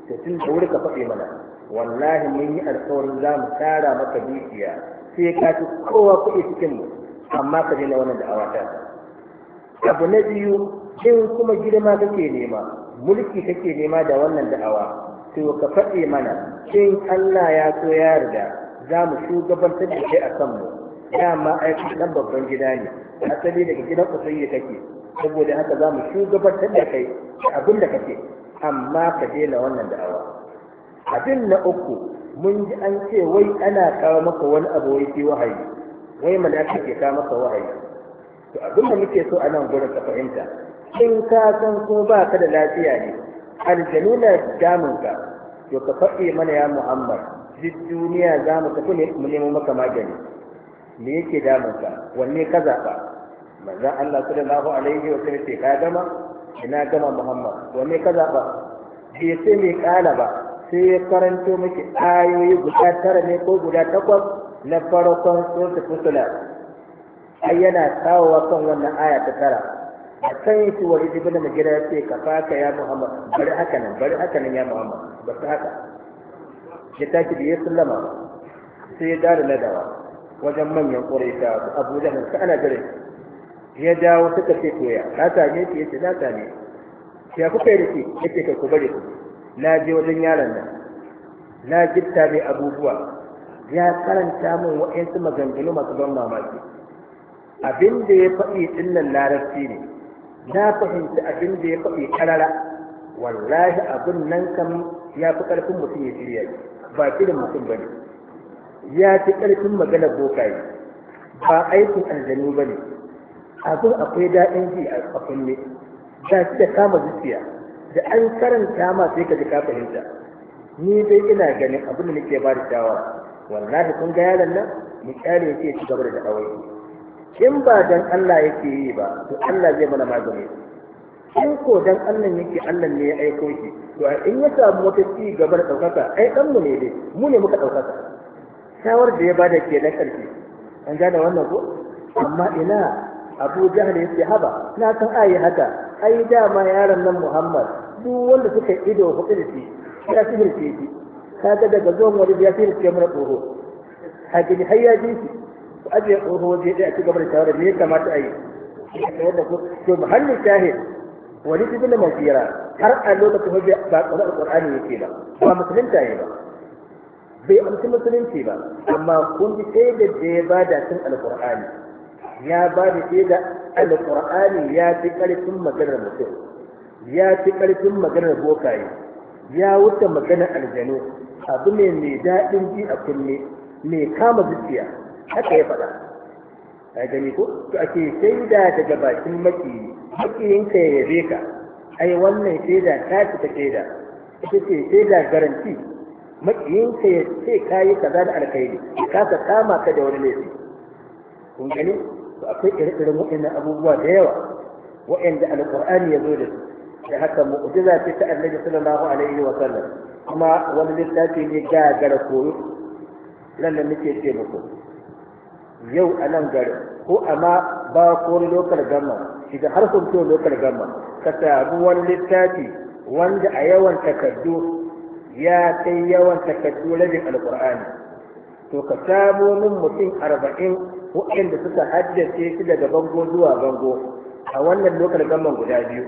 to tun da wuri ka faɗi mana wallahi mun yi alƙawarin za mu tara maka dukiya sai ka ci kowa kuɗi cikin mu amma ka daina wannan da'awa ta abu na biyu in kuma girma kake nema mulki kake nema da wannan da'awa to ka faɗi mana in Allah ya so ya riga, za mu shugabantar da kai a kanmu dama aiki ɗan babban gida ne asali daga gidan kusuri kake saboda haka za mu shugabantar da kai abin da kake amma ka daina wannan da'awa abin na uku mun ji an ce wai ana kawo maka wani abu wai fi wahayi wai malaka ke kawo maka wahayi to abin da muke so a nan gurin ka fahimta in ka san ko ba ka da lafiya ne aljanu na damun ka to ka faɗi mana ya muhammad duk duniya za mu tafi ne mu nemo maka magani me yake damun ka wanne ka zaɓa manzan Allah da sallallahu alaihi wa sallam ce ka gama ina gama Muhammad Wani me ka zaɓa bai ce me ƙala ba sai ya karanto miki ayoyi guda tara ne ko guda takwas na farkon sosa fusula ai yana kawowa kan wannan aya ta tara a kan wani jibi na mugira ya ce ka faka ya Muhammad bari haka nan bari haka nan ya Muhammad ba su haka ya tashi da ya sallama sai ya dare ladawa wajen manyan ƙuraita Abu da hansu ana jirai ya dawo suka ce koya ya ka same ki yace na same ya kuka yi dake yace ka ku bari ku na je wajen yaron nan na gitta mai abubuwa ya karanta min wa'ansu maganganu masu ban mamaki abin da ya faɗi ɗin nan larabci ne na fahimci abin da ya faɗi karara wallahi abin nan kam ya fi ƙarfin mutum ya shirya ba irin mutum ba ne ya fi ƙarfin maganar bokaye ba aikin aljanu ba ne abin akwai daɗin ji a kulle da shi da kama zuciya da an karanta ma sai ka ji ka fahimta ni dai ina ganin abin da nake ba da shawara wallahi kun ga yaron nan mu kyale yake ya ci gaba da da'awai in ba dan Allah yake yi ba to Allah zai mana magani in ko dan Allah yake Allah ne ya aiko shi to in ya samu wata ci gaba da daukaka ai dan mu ne dai mu ne muka daukaka shawar da ya bada ke na karfi an gane wannan ko amma ina abu jahal ya ce haba na san ayi haka ai dama yaron nan muhammad duk wanda suka ido hudu da shi ya sihirce shi kaga daga zuwan wani ya sihirce mana tsoro a gani har ya ji shi ku ajiye tsoro waje ɗaya a ci gaba da shawarar me ya kamata a yi da to muhallin shahid wani cikin da mafira har a lokacin hujja ba ƙwarar alƙur'ani yake ba ba musulunta ya ba bai amsa musulunci ba amma kun ji sai da da ya bada cin alƙur'ani ya ba da da alƙur'ani ya fi ƙarfin maganar mutum ya fi ƙarfin maganar bokaye ya wuce maganar aljanu abu ne mai daɗin ji a kunne mai kama zuciya haka ya faɗa a gani ko to ake shaida daga bakin maki makiyinka ya yabe ka ai wannan shaida ta ta shaida ita ce shaida garanti makiyinka ya ce ka yi kaza da alkhairi ka kama ka da wani laifi kun gani akwai ire-iren waɗannan abubuwa da yawa waɗanda alƙur'ani ya zo da su da haka mu'jiza ce ta annabi sallallahu alaihi wa sallam kuma wani littafi ne gagara koyo nan da muke ce muku yau a nan gari ko ma ba ko lokal gama shiga har sun to lokal gama ka samu wani littafi wanda a yawan takaddu ya kai yawan takaddu rabin alqur'ani to ka samu min mutum arba'in waɗanda suka haddace shi daga bango zuwa bango a wannan lokal gamman guda biyu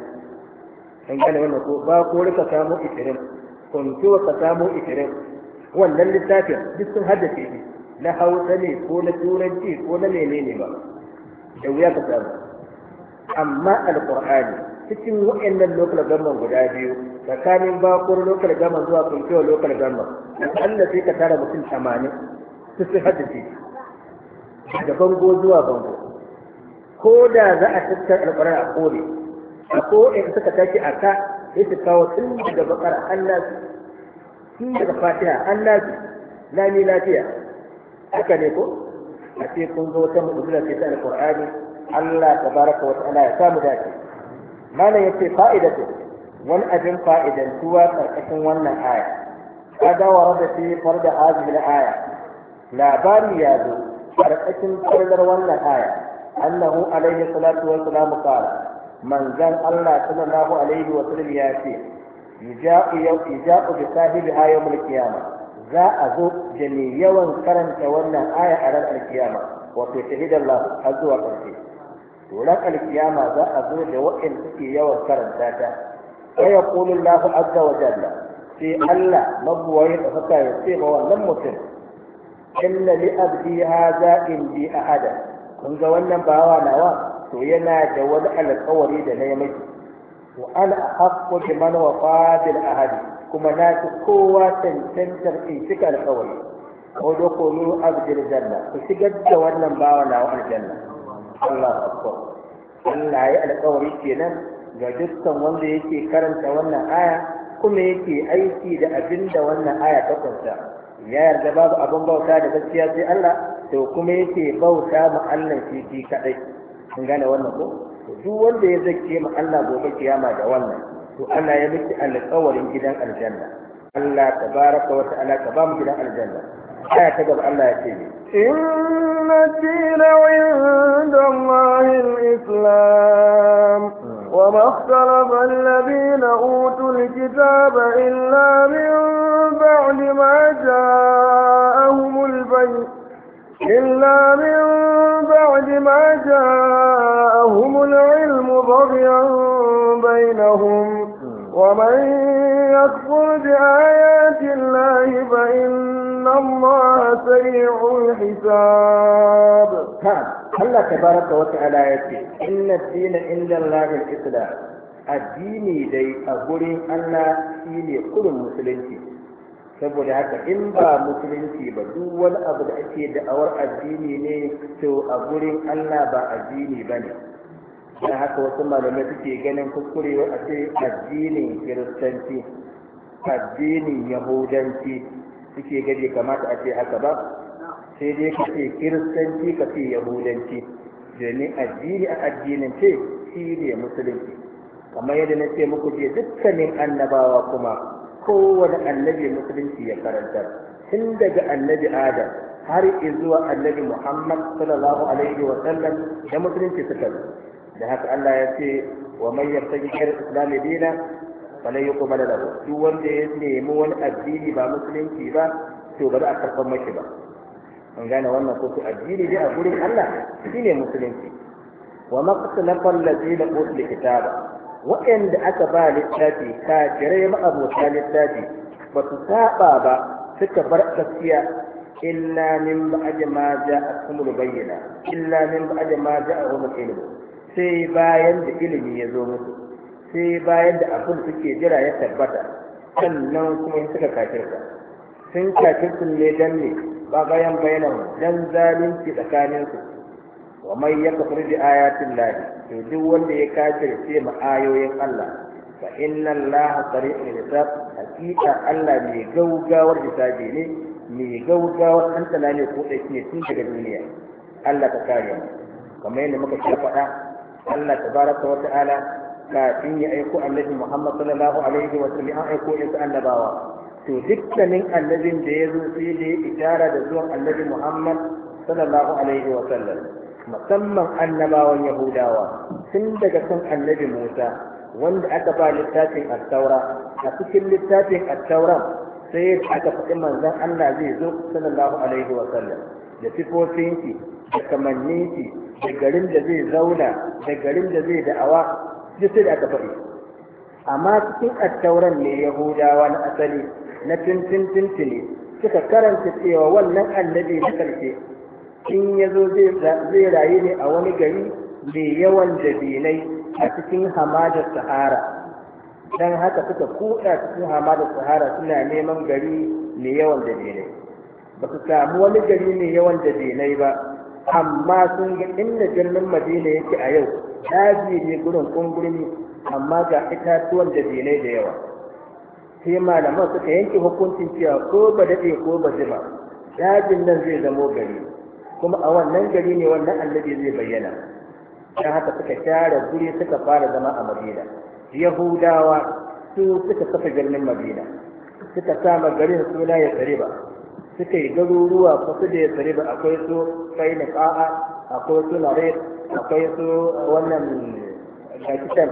an gane wannan ko ba ko rika samu itirin kwanto ka samu itirin wannan littafin duk sun haddace shi na hausa ne ko na turanci ko na ne ba da wuya ka samu amma alqur'ani cikin waɗannan lokal gamman guda biyu tsakanin bakon lokal gamman zuwa kwanto lokal gamman Allah sai ka tara mutum 80 su sun haddace shi Da bango zuwa bango ko da za a tattara alƙwarar a kore a kore suka tashi a ka sai su kawo tun daga bakar Allah tun daga fatiha Allah lami lafiya haka ne ko a ce kun zo ta mu'ujizar ta alƙur'ani Allah tabaraka wa ta'ala ya samu dace malam yace fa'idatu wani abin fa'idantuwa karkashin wannan aya kada wa rabbi fi farda hadhihi al-aya labari ya zo karkashin fardar wannan aya annahu alaihi salatu wa salam qala manzan Allah sallallahu alaihi wa sallam ya ce yuja'u yuja'u bi sahibi yawmul qiyamah za a zo da mai yawan karanta wannan aya a ran alkiyama wato shahidar Allah har zuwa ƙarshe to ran alkiyama za a zo da waɗanda suke yawan karanta ta sai ya kullu Allah azza wa jalla sai Allah mabuwaye da haka ya ce ma wannan mutum illa li abdi hadha a ahada kun ga wannan bawa nawa to yana da wani alƙawari da na yi miki wa ana haqqu bi man wafa bil ahadi kuma na ci kowa tantantar in cika alƙawari ko da ko nu abdil janna ku shigar da wannan bawa nawa aljanna Allah akbar Allah ya alƙawari kenan ga dukkan wanda yake karanta wannan aya kuma yake aiki da abinda wannan aya ta kunsa ya yarda babu abin bauta da gaskiya sai Allah to kuma yake bauta ma Allah shi shi kadai kun gane wannan ko duk wanda ya zake ma Allah gobe kiyama da wannan to Allah ya miki alƙawarin gidan aljanna Allah tabaraka wa ta'ala ka ba mu gidan aljanna ya ta gaba Allah ya ce ni inna dina inda Allah al-islam وما اختلف الذين أوتوا kitaba illa من إلا من بعد ما جاءهم العلم بغيا بينهم ومن يكفر بآيات الله فإن الله سريع الحساب هلا تبارك وتعالى يتي إن الدين عند الله الإسلام addini dai أقول أن الله shi ne kurin saboda haka in ba musulunci ba duk wani abu da ake da'awar addini ne to a gurin Allah ba addini ba ne don haka wasu malamai suke ganin kuskure a ce addinin kiristanci addinin yahudanci suke gaje kamata a ce haka ba sai dai ka ce kiristanci ka ce yahudanci domin addini a addinin ce shi ne musulunci kamar yadda na ce muku je dukkanin annabawa kuma kowane annabi musulunci ya karantar tun daga annabi adam har zuwa annabi muhammad sallallahu alaihi wa sallam da musulunci suka zo da haka Allah ya ce wa man yartaji kar islami dina falan yuqbal lahu duk wanda ya nemi wani addini ba musulunci ba to ba za a karɓar mashi ba an gane wannan ko to addini ne a gurin Allah ne musulunci wa maqtalafa allazina utul kitaba waɗanda aka ba littafi kafirai ma'abota littafi ba su saba ba suka bar gaskiya illa min ba'da ma ja'a kumul bayyana illa min ba'da ma ja'a humul ilmu sai bayan da ilimi ya zo musu sai bayan da abin suke jira ya tabbata sannan kuma suka kafirta sun kafirta ne dan ne ba bayan bayanan dan zalunci tsakaninsu wa mai yakfur bi ayatin lahi to duk wanda ya kafirce ma ayoyin Allah fa inna Allah sari'ul lisab hakika Allah mai gaugawar hisabi ne mai gaugawar tantana ne ko dake tun daga duniya Allah ka kare mu kamar yadda muka ce faɗa Allah tabaraka wa ta'ala kafin ya aiko annabi Muhammad sallallahu alaihi wa sallam an aiko ya annabawa to dukkanin annabin da ya zo sai da ya isharar da zuwan annabi Muhammad sallallahu alaihi wa sallam musamman annabawan yahudawa tun daga kan annabi musa wanda aka ba littafin attaura a cikin littafin attaura sai aka faɗi manzon allah zai zo sallallahu alaihi wa sallam da sifofinki da kamanninki da garin da zai zauna da garin da zai da'awa duk sai da aka faɗi amma cikin attauran ne yahudawa na asali na tuntun tuntuni suka karanta cewa wannan annabi na ƙarshe in ya zo zai rayu ne a wani gari mai yawan dabinai a cikin hamadar sahara don haka suka kuɗa cikin hamadar sahara suna neman gari mai yawan dabinai ba su samu wani gari mai yawan dabinai ba amma sun ga inda birnin madina yake a yau daji ne gurin kungurmi amma ga itatuwan dabinai da yawa sai malaman suka yanke hukuncin cewa ko ba daɗe ko ba jima dajin nan zai zamo gari kuma a wannan gari ne wannan annabi zai bayyana dan haka suka share guri suka fara zama a madina yahudawa su suka kafa birnin madina suka sama garin suna ya tariba. suka yi garuruwa kusa da ya tsariba akwai su na ka'a akwai su lare akwai su wannan gakitan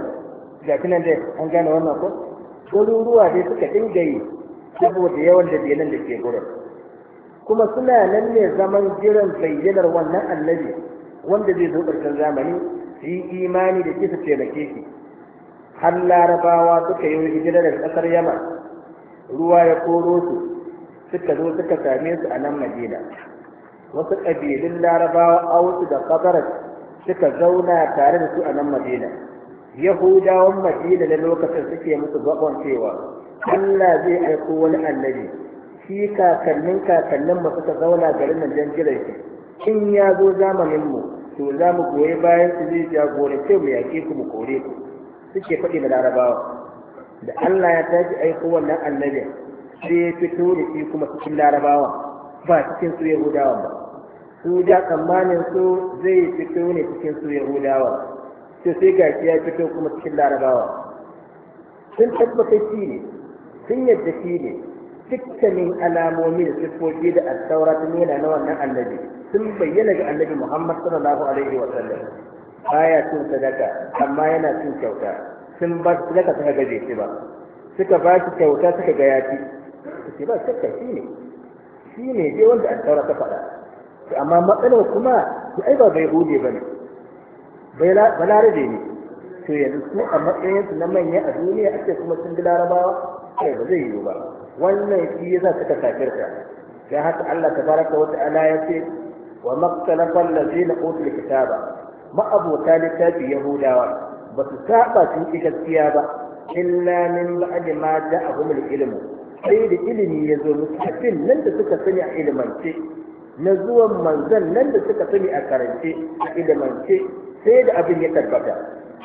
gakinan dai an gane wannan ko garuruwa dai suka dinga yi saboda yawan da benin da ke gurin kuma suna nan ne zaman jiran bayyanar wannan annabi wanda zai zo ƙarshen zamani su yi imani da kisa taimake keke. har larabawa suka yi hijira daga ƙasar Yama, ruwa ya koro su suka zo suka same su a nan madina wasu ƙabilun larabawa ausu da kabarar suka zauna tare da su a nan madina yahudawan madina na lokacin suke musu zaɓon cewa allah zai aiko wani annabi shi kakannin kakannin masu suka zauna garin nan don jiran shi in ya zo zamanin mu to za mu goyi bayan su zai jagorance mu yaƙe ku mu kore ku suke faɗi da larabawa da Allah ya tashi aiko wannan annabin sai ya fito da shi kuma cikin larabawa ba cikin su yahudawa ba su da tsammanin su zai fito ne cikin su yahudawa to sai ga ya fito kuma cikin larabawa sun tabbata shi ne sun yadda shi ne dukkanin alamomi da siffofi da attaura tun yana na wannan annabi sun bayyana ga annabi Muhammad sallallahu alaihi wa sallam baya cin sadaka amma yana cin kyauta sun ba su sadaka suka gaje shi ba suka ba shi kyauta suka ga yafi ce ba shakka shi ne shi ne dai wanda attaura ta faɗa amma matsalar kuma su ai ba bai hude ba ne balarabe ne to yanzu su a matsayinsu na manya a duniya ake kuma sun bi larabawa kai ba zai yiwu ba wannan shi yasa suka kafirta dan haka Allah tabaraka wa ta'ala ya ce wa maktalafa allazina utul kitaba ma'abota littafi yahudawa ba su saba sun ƙi gaskiya ba illa min ba'di ma ja'ahum al-ilmu sai da ilimi ya zo musu abin nan da suka sani a ilimance na zuwan manzan nan da suka sani a karance a ilimance sai da abin ya tabbata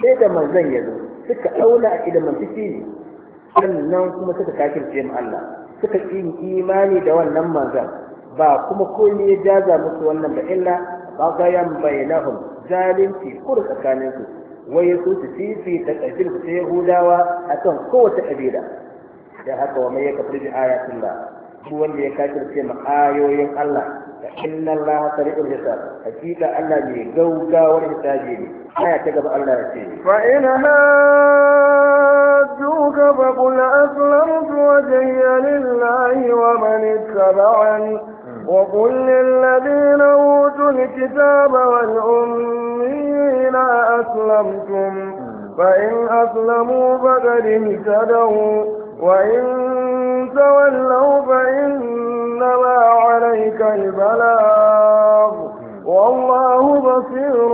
sai da manzan ya zo suka auna a ilimance shi ne sannan kuma suka kafirce mu Allah suka yi imani da wannan manzon ba kuma komai ya jaza musu wannan ba illa ba bagayan bainahum zalunci kur tsakanin su wai su su fifi ta ƙarfin su sai hudawa akan kowace kabila da haka wa mai ya kafir bi ba, duk wanda ya kafirce mu ayoyin Allah inna allaha sari'ul hisab hakika Allah ne gaugawar hisabi ne aya ta gaba Allah ya ce fa in ربك فقل أسلمت وجهي لله ومن اتبعني وقل للذين أوتوا الكتاب والأمين أسلمتم فإن أسلموا فقد اهتدوا وإن تولوا فإنما عليك البلاغ والله بصير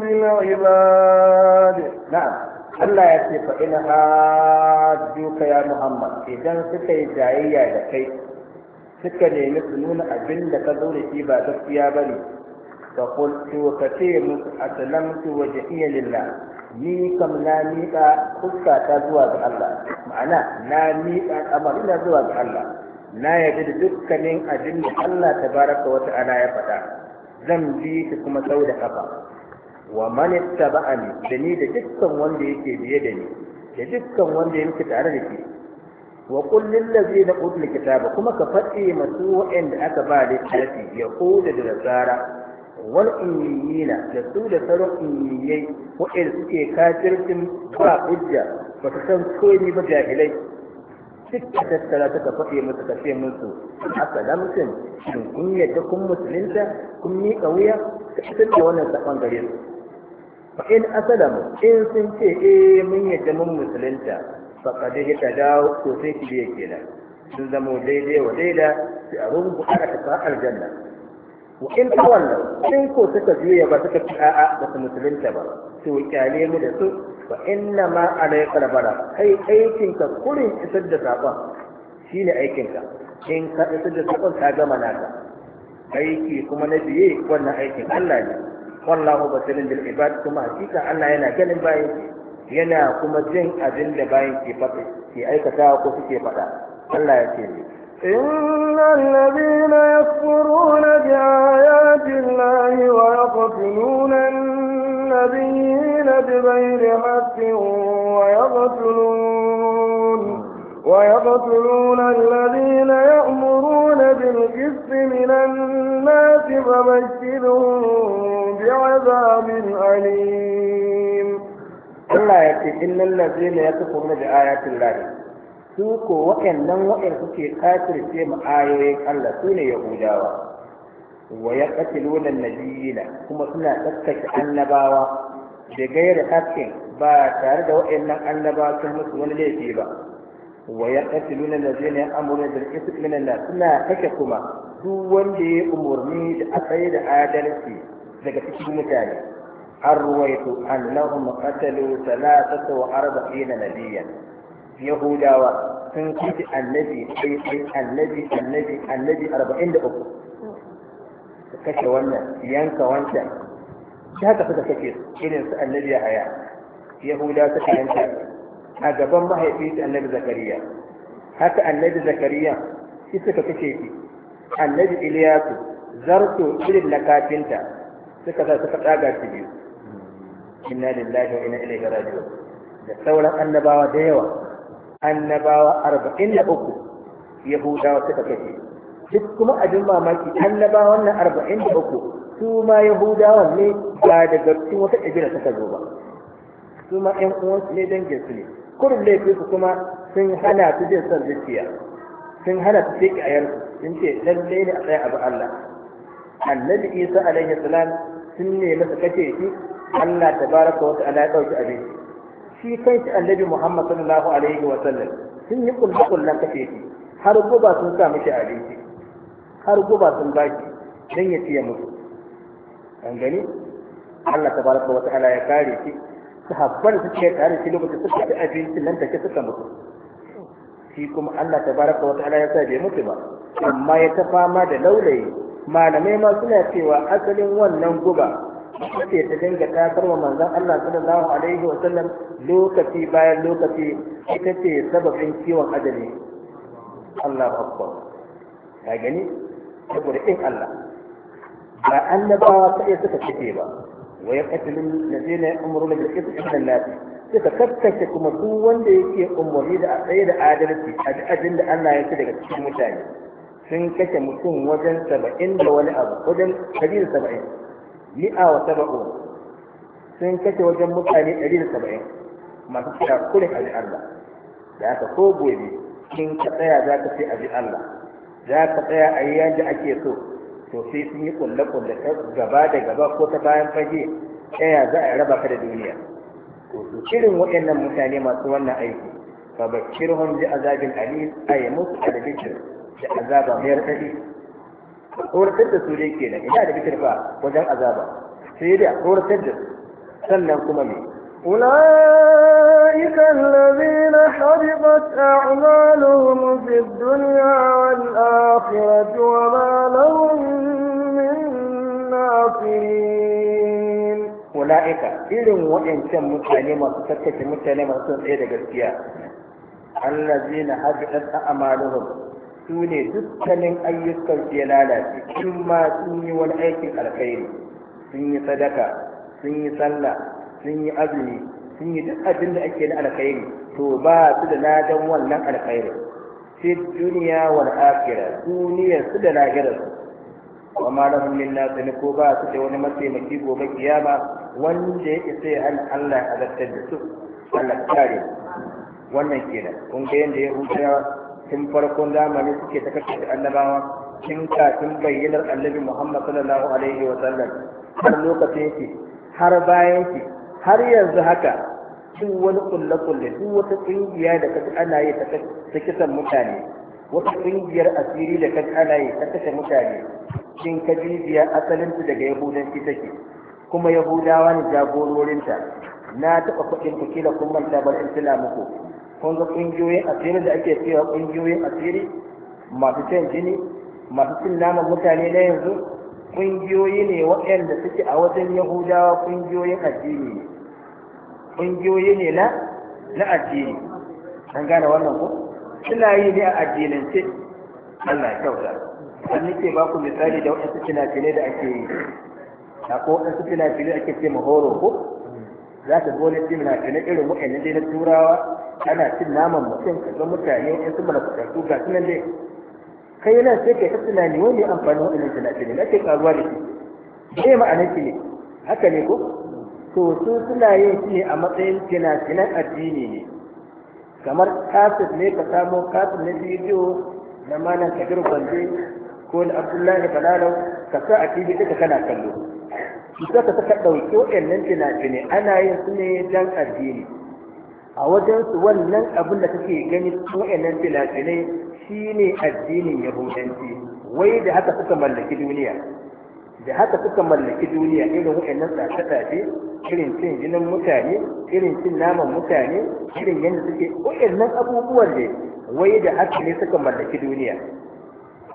بالعباد نعم Allah ya ce fa in hajjuka ya Muhammad idan suka yi jayayya da kai suka nemi su nuna abin da ka zo da shi ba gaskiya ba ne ka kulto ka ce musu aslamtu wajhiya lillah ni kam na miƙa fuska ta zuwa ga Allah ma'ana na miƙa ina zuwa ga Allah na yarda da dukkanin abin da Allah tabaraka wa ta'ala ya faɗa zan bi shi kuma sau da kafa wa man ittaba'ani da ni da dukkan wanda yake biye da ni da dukkan wanda yake tare da ni wa qul lil ladzina utul kitaba kuma ka fadi masu wa'anda aka ba da littafi yahuda da nasara wal ummiyina da su da sauran ummiyai wa'anda suke kafircin ba hujja ba su san komai ba jahilai Duk da tattara suka faɗe musu ka ce musu shin kun yadda kun musulunta kun miƙa wuya ka isar da wannan saƙon gare su in asalam in sun ce eh mun yadda mun musulunta fa kad ta dawo ko sai ki biye nan sun zamo daidai wa daida sai a rungu aka tafa aljanna wa in tawalla in ko suka juya ba suka ci a'a ba su musulunta ba to kyale mu da su fa inna ma alayka bara kai aikin ka kurin isar da sakon shine aikin ka in ka isar da sakon ka gama naka aiki kuma na biye wannan aikin Allah ne wallahu basirin bil ibad kuma hakika Allah yana ganin bayan yana kuma jin abin da bayan ke faɗi ke aikata ko suke faɗa Allah ya ce ni إن الذين يكفرون بآيات الله ويقتلون النبيين بغير حق ويقتلون ويقتلون الذين يأمرون بالقسط من الناس فبشرهم بعذاب أليم Allah ya ce الذين ladzina بآيات الله سوكو llahi su ko wa'annan قاتل suke kafirce الله ayoyin Allah ويقتلون النبيين yahudawa wa yaqtiluna nabiyina kuma suna annabawa da gaira ba tare da wa'annan annabawa sun musu wani laifi ba wa yaqtiluna allazina ya'muruna bil suna kake kuma duk wanda ya umurni da akai da adalci daga cikin mutane an ruwaito annahum qatalu thalathata wa arba'ina nabiyyan yahudawa sun kiti annabi sai annabi annabi annabi 43 kashe wannan yanka wancan shi haka suka kashe irin su annabi haya yahuda suka yanka a gaban mahaifinsu annabi zakariya haka annabi zakariya shi suka kashe shi annabi iliyasu zarto irin na kafinta suka sa suka tsaga shi biyu inna lillahi wa inna ilaihi raji'un da sauran annabawa da yawa annabawa arba'in da uku yahudawa suka kashe duk kuma jin mamaki annabawa wannan arba'in da uku su ma yahudawa ne ba daga cikin wata ƙabila suka zo ba su ma ƴan uwansu ne dangin su ne kurin laifin su kuma sun hana su jin son zuciya sun hana su a yanzu sun ce lallai ne a tsaya abu Allah annabi isa alaihi salam sun ne masa kace shi Allah tabaraka wa ta'ala ya dauki abin shi shi annabi Muhammad sallallahu alaihi wa sallam sun yi kullu kullu kace shi har guba sun sa mishi abinci har guba sun baki dan ya ciye musu an gani Allah tabaraka wa ta'ala ya kare shi sahabban su ce tare shi lokacin suka ci abinci nan take suka mutu shi kuma Allah tabaraka wa ta'ala ya sa bai mutu ba amma ya ta fama da laulayi malamai ma suna cewa asalin wannan guba ce ta dinga takar wa manzon Allah sallallahu alaihi wa sallam lokaci bayan lokaci ita ce sababin ciwon ajali Allahu akbar ka gani saboda in Allah ba annabawa sai suka fice ba wa ya qatilun ladina ya'muruna bil qist min an-nas suka tattace kuma duk wanda yake umarni da a tsaye da adalci a duk da Allah ya ce daga cikin mutane sun kashe mutum wajen saba'in da wani abu wajen ɗari da saba'in mi'a wa saba'u sun kashe wajen mutane ɗari da saba'in masu cika kure aji Allah da aka ko gobe sun ka tsaya za ka ce aji Allah za ka tsaya a yi yadda ake so to sai sun yi kulle-kulle ta gaba da gaba ko ta bayan fage ɗaya za a raba ka da duniya to irin waɗannan mutane masu wannan aiki fa bakirhum bi azabin alim ay musu adabikir da azaba mai raɗaɗi horatar da su dai kenan ina da bitar fa wajen azaba sai da horatar da sannan kuma me أولئك الذين حبطت أعمالهم في الدنيا والآخرة وما لهم من ناصرين أولئك إذن وإن كان متعلمة تتكت متعلمة تنعيد قلبيا الذين حبطت أعمالهم su ne dukkanin ayyukan su ya lalace in ma sun yi wani aikin alkhairi sun yi sadaka sun yi sallah sun yi azumi sun yi duk abin da ake na alkhairi to ba su da ladan wannan alkhairi fi duniya wal akhirah duniya su da lahirar su wa ma lahum min ne ko ba su da wani mataimaki gobe kiyama wanda ya isa ya Allah azabtar da su Allah kare wannan kenan kun ga yanda ya huta tun farkon zamani suke ta kashe annabawa tun kafin bayyanar annabi Muhammad sallallahu alaihi wa sallam har lokacin ki har bayan ki har yanzu haka duk wani kulle kulle duk wata kungiya da kaji ana yi ta kisan mutane wata kungiyar asiri da kaji ana yi ta kashe mutane shin ka bibiya asalin su daga yahudanci take kuma yahudawa ne jagororinta na taɓa kuɗin ku kila kun manta bar in tuna muku kun ga ƙungiyoyin asirin da ake cewa ƙungiyoyin asiri masu cin jini masu cin naman mutane na yanzu ƙungiyoyi ne waɗanda suke a wajen yahudawa ƙungiyoyin addini ne ƙungiyoyi ne na na addini an gane wannan ko suna yi ne a addinance Allah kyauta an nike ba ku misali da waɗansu fina-finai da ake yi ko waɗansu fina-finai ake ce mahoro ko za ka zo wani fim na irin wa'annan dai na turawa ana cin naman mutum ka ga mutane in sun mana fakarku ga sunan dai kai yana sai kai ta tunani wani amfani waɗannan tunani na ke karuwa da shi zai ma'anar shi ne haka ne ko to su suna yin shi ne a matsayin fina-finan addini ne kamar kasus ne ka samo kasus na bidiyo na malam kabir gwanje ko na abdullahi balalau ka sa a tv duka kana kallo ita ta saka ɗauki waɗannan fina-finai ana yin su ne don addini a wajensu wannan abin da kake gani waɗannan fina-finai shi ne addinin yahudanci wai da haka suka mallaki duniya da haka suka mallaki duniya irin waɗannan tsace-tsace irin cin jinin mutane irin cin naman mutane irin yadda suke waɗannan abubuwan ne wai da haka ne suka mallaki duniya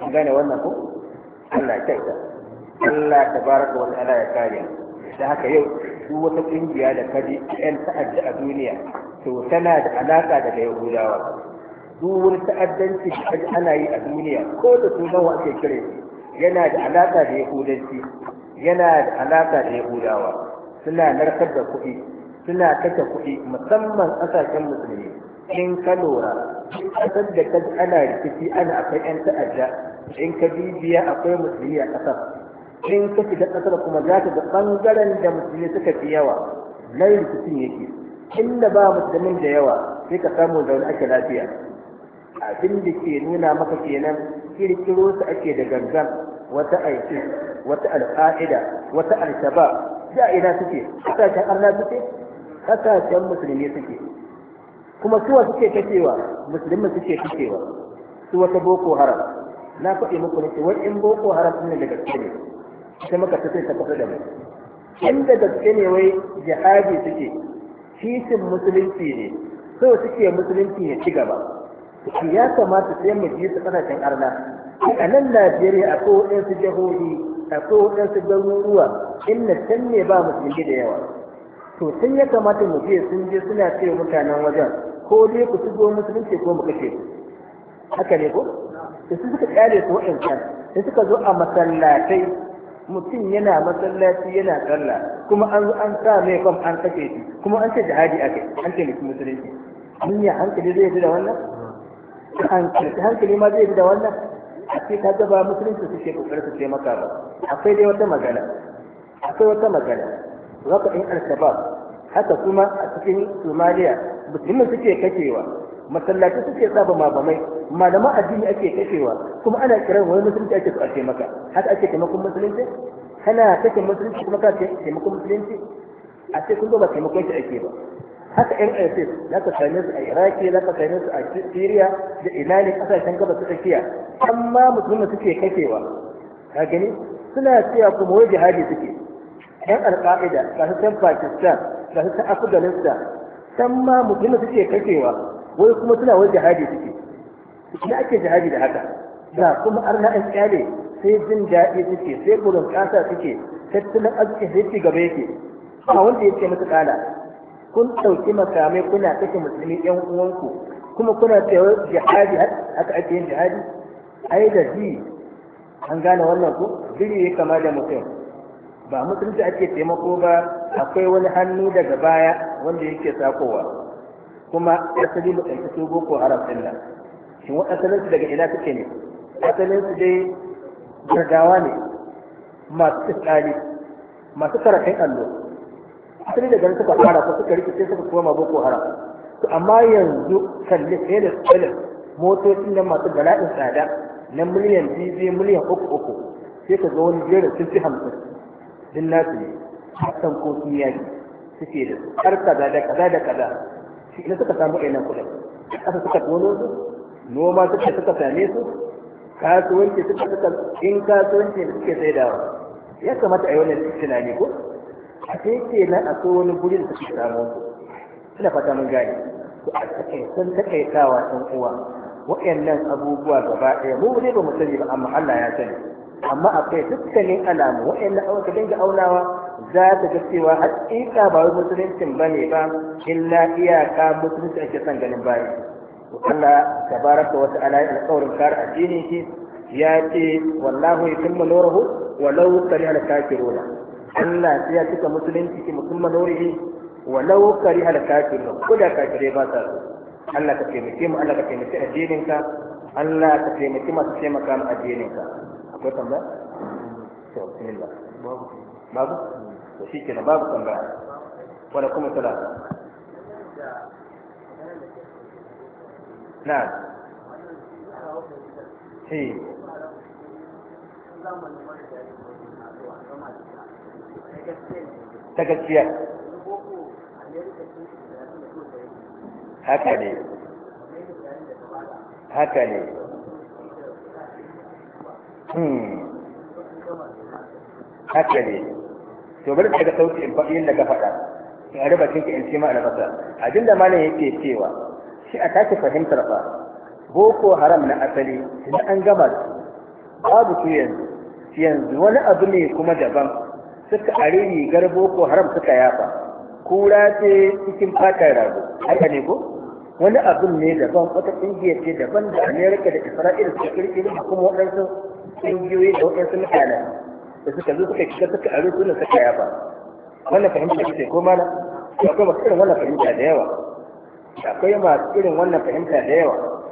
an gane wannan ko Allah ya kyauta Allah ta baraka wa ta'ala ya kare da haka yau duk wata ƙungiya da kaji yan ta'adda a duniya to tana da alaƙa daga yahudawa duk wani ta'addanci da kaji ana yi a duniya ko da sunan wa ake kire yana da alaƙa da yahudanci yana da alaƙa da yahudawa suna narkar da kuɗi suna kashe kuɗi musamman ƙasashen musulmi in ka lura ƙasar da kaji ana rikici ana akwai 'yan ta'adda in ka bibiya akwai musulmi a ƙasar in ka shiga ƙasar kuma za ka ga ɓangaren da musulmi suka fi yawa layin rikicin yake inda ba musulmin da yawa sai ka samu da wani ake lafiya abin da ke nuna maka kenan kirkiro su ake da gangan wata aiki wata al'a'ida wata alshaba da ina suke kasashen arna suke kasashen musulmi suke kuma suwa suke kashewa musulmi suke kashewa su wata boko haram na faɗi muku ne cewa in boko haram ne daga gaske ne sai maka ta sai ka tafi da mu inda gaske ne wai jihadi suke kishin musulunci ne so suke musulunci ya ci gaba ya kamata sai mu ji su kasashen arna a nan Najeriya akwai waɗansu jihohi ɗan su garuruwa inda can ne ba musulmi da yawa to sun ya kamata mu je sun je suna ce mutanen wajen ko dai ku shigo musulunci ko mu kashe ku haka ne ko da su suka kyale su waɗancan da suka zo a masallatai mutum yana masallaci yana sallah kuma an an sa mai kwam an kashe shi kuma an ce jihadi a kai an ce mutum musulunci mun ya hankali zai bi da wannan hankali ma zai bi da wannan a ce ka gaba musulunci suke kokarin su ce maka ba akwai dai wata magana akwai wata magana zaka in al-shabab haka kuma a cikin Somalia musulmin suke kakewa masallaci suke tsaba mabamai malaman addini ake kashewa kuma ana kiran wani musulunci ake so a taimaka haka ake taimakon musulunci kana kake musulunci kuma ka taimakon musulunci a ce kun ba taimakon shi ake ba haka yan isis za ka same su a iraki za ka same su a syria da ina ne kasashen gabas ta tsakiya amma musulmi suke kashewa ka gani suna cewa kuma wai jihadi suke yan alƙa'ida ga su san pakistan ga su can afghanistan can ma musulmi suke kashewa wai kuma suna wani jihadi suke shi ake jihadi da haka da kuma arna an kyale sai jin daɗi suke sai gurin ƙasa suke tattalin arzikin sai ci gaba yake ba wanda ya ce musu ƙala kun ɗauki makamai kuna kashe musulmi ƴan uwanku kuma kuna tsaye jihadi haka ake yin jihadi ai da ji an gane wannan ko biri ya kama da mutum ba musulunci ake taimako ba akwai wani hannu daga baya wanda yake sakowa kuma asali da ɗauki su boko haram ɗin nan shin asalin su daga ina suke ne asalin su dai gargawa ne masu tsali masu karatun allo asali daga suka fara ko suka sai suka koma boko haram to amma yanzu kalli sai da motocin nan masu gala'in tsada na miliyan biyu miliyan uku uku sai ka ga wani da sun fi hamsin din nasu ne ko sun suke da har kaza da kaza da kaza ina suka samu ainihin kuɗin ƙasa suka tono su noma suka suka same su kasuwanci suka suka in kasuwanci da suke saidawa ya kamata a yi wannan tunani ko a sai ke nan a so wani guri da suke samu su suna fata mun gane to a takaitan takaitawa ɗan uwa wa'annan abubuwa gaba ɗaya mu ne ba mu sani ba amma Allah ya sani amma akwai dukkanin alamu waɗanda da ka dinga aunawa za ta ga cewa haƙiƙa ba wai musuluncin ba ne ba illa iyaka musulunci ake son ganin bayan to Allah tabaraka wa ta'ala ya alƙawarin kare addinin shi ya ce wallahu yutimmu nurahu walau kariha al-kafiruna Allah sai ya cika musulunci ki mutumma nurihi walau kariha al-kafiruna ko da kafirai ba sa so Allah ka taimake mu Allah ka taimake addininka Allah ka taimake masu taimaka mu addininka ko tambaya to bismillah babu to shi kenan babu tambaya wala kuma ta gaskiya haka ne haka ne Hmm. haka ne to bari ka ga sauki in faɗi yadda ka faɗa in a raba cinka in ce ma albasa da malam yake cewa shi a take fahimtar fa boko haram na asali na an gama babu su yanzu yanzu wani abu ne kuma daban suka are rigar boko haram suka yafa kura ce cikin fatar rago haka ne ko wani abin ne daban wata ƙungiyar ce daban da amerika da isra'ila su kirki da kuma waɗansu ƙungiyoyi da waɗansu mutane da suka zo suka shiga suka aro suna suka yaba wannan fahimta ce ko mana akwai masu irin wannan fahimta da yawa akwai masu irin wannan fahimta da yawa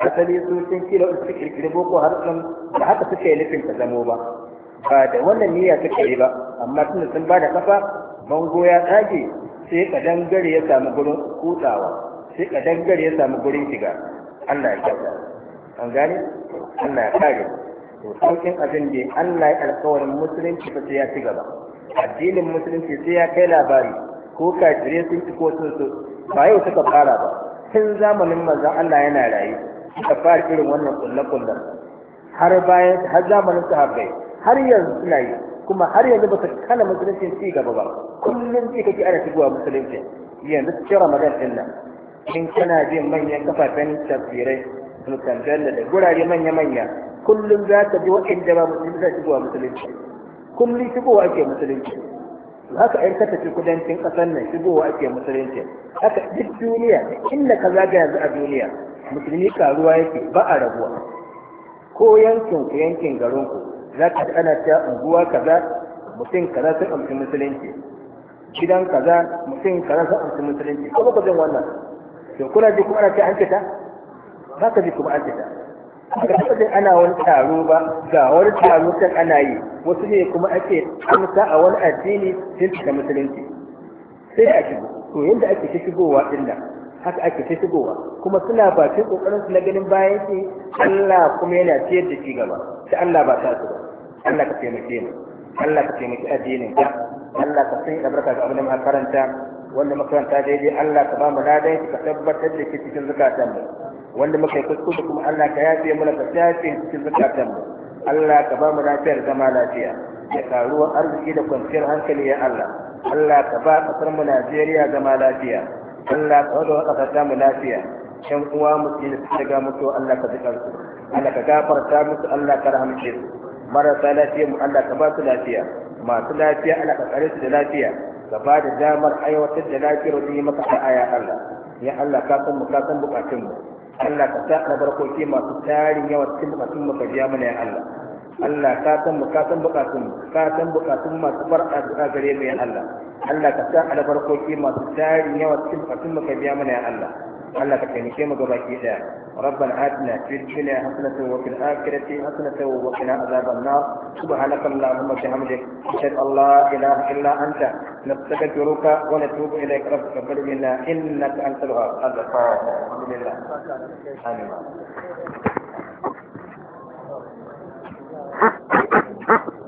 asali su sun kila su kirkiri boko har sun da haka suka yi nufin ta zamo ba ba da wannan niyya suka yi ba amma tunda sun ba da kafa bango ya tsage sai ka dangare ya samu gurin kutsawa sai ka dangar ya samu gurin shiga Allah ya kyauta an gane Allah ya kare to saukin abin da Allah ya alƙawarin musulunci ba sai ya ci gaba addinin musulunci sai ya kai labari ko kafirai sun ci ko sun so ba yau suka fara ba tun zamanin manzon Allah yana raye suka fara irin wannan kullakullan har bayan har zamanin sahabbai har yanzu suna yi kuma har yanzu ba su kana musulunci ci gaba ba kullum sai kake ana shigowa musulunci yanzu cikin Ramadan din nan in kana jin manyan kafafen tafsirai mutan dalla da gurare manya-manya kullum za ka ji waɗanda ba musulmi za shigowa musulunci kullum shigowa ake musulunci haka ɗan ka tafi kudancin ƙasar nan shigowa ake musulunci haka duk duniya inda ka zaga yanzu a duniya musulmi karuwa yake ba a rabuwa ko yankin ku yankin garin ku za ka ana cewa unguwa kaza mutum kaza sun amshi musulunci gidan kaza mutum kaza sun amshi musulunci ko ba ku jin wannan to kuna ji kuma ana ta hankata ba ka ji kuma an kita ba ka ji ana wani taro ba ga wani taro kan ana yi wasu ne kuma ake amsa a wani addini sun ta musulunci sai a shigo to yadda ake ta shigowa din nan haka ake ta shigowa kuma suna bakin kokarin su na ganin bayan shi Allah kuma yana ciyar da shi gaba ta Allah ba ta su ba Allah ka taimake ni Allah ka taimake addinin ka Allah ka sanya albarka ga abin da muka karanta wanda makaranta daidai Allah ka ba mu ladan ka tabbatar da shi cikin zakatan mu wanda muka yi kuskure kuma Allah ka yafe mana ka yafe cikin zakatan mu Allah ka ba mu lafiyar zama lafiya Ya karuwa arziki da kwanciyar hankali ya Allah Allah ka ba kasar mu Najeriya zama lafiya Allah ka wada kasar mu lafiya yan uwa mu ne su daga mutu Allah ka zikar su Allah ka gafarta musu Allah ka rahamce su marasa lafiya mu Allah ka ba su lafiya masu lafiya Allah ka tsare su da lafiya ka ba da damar aiwatar da lafiyar da maka a aya Allah ya Allah ka san mu ka san bukatun mu Allah ka sa na barkoki masu tarin yawa cikin bukatun mu ka biya mana ya Allah Allah ka san mu ka san bukatun mu ka san bukatun masu far'a da gare mu ya Allah Allah ka sa na barkoki masu tarin yawa cikin bukatun mu ka biya mana ya Allah الله كتني شيء مجبا كده ربنا عدنا في الدنيا حسنة وفي الآخرة حسنة وفي عذاب النار سبحانك اللهم وبحمدك أشهد أن لا إله إلا أنت نستغفرك ونتوب إليك رب قبل منا إنك أنت الغفار الحمد لله آمين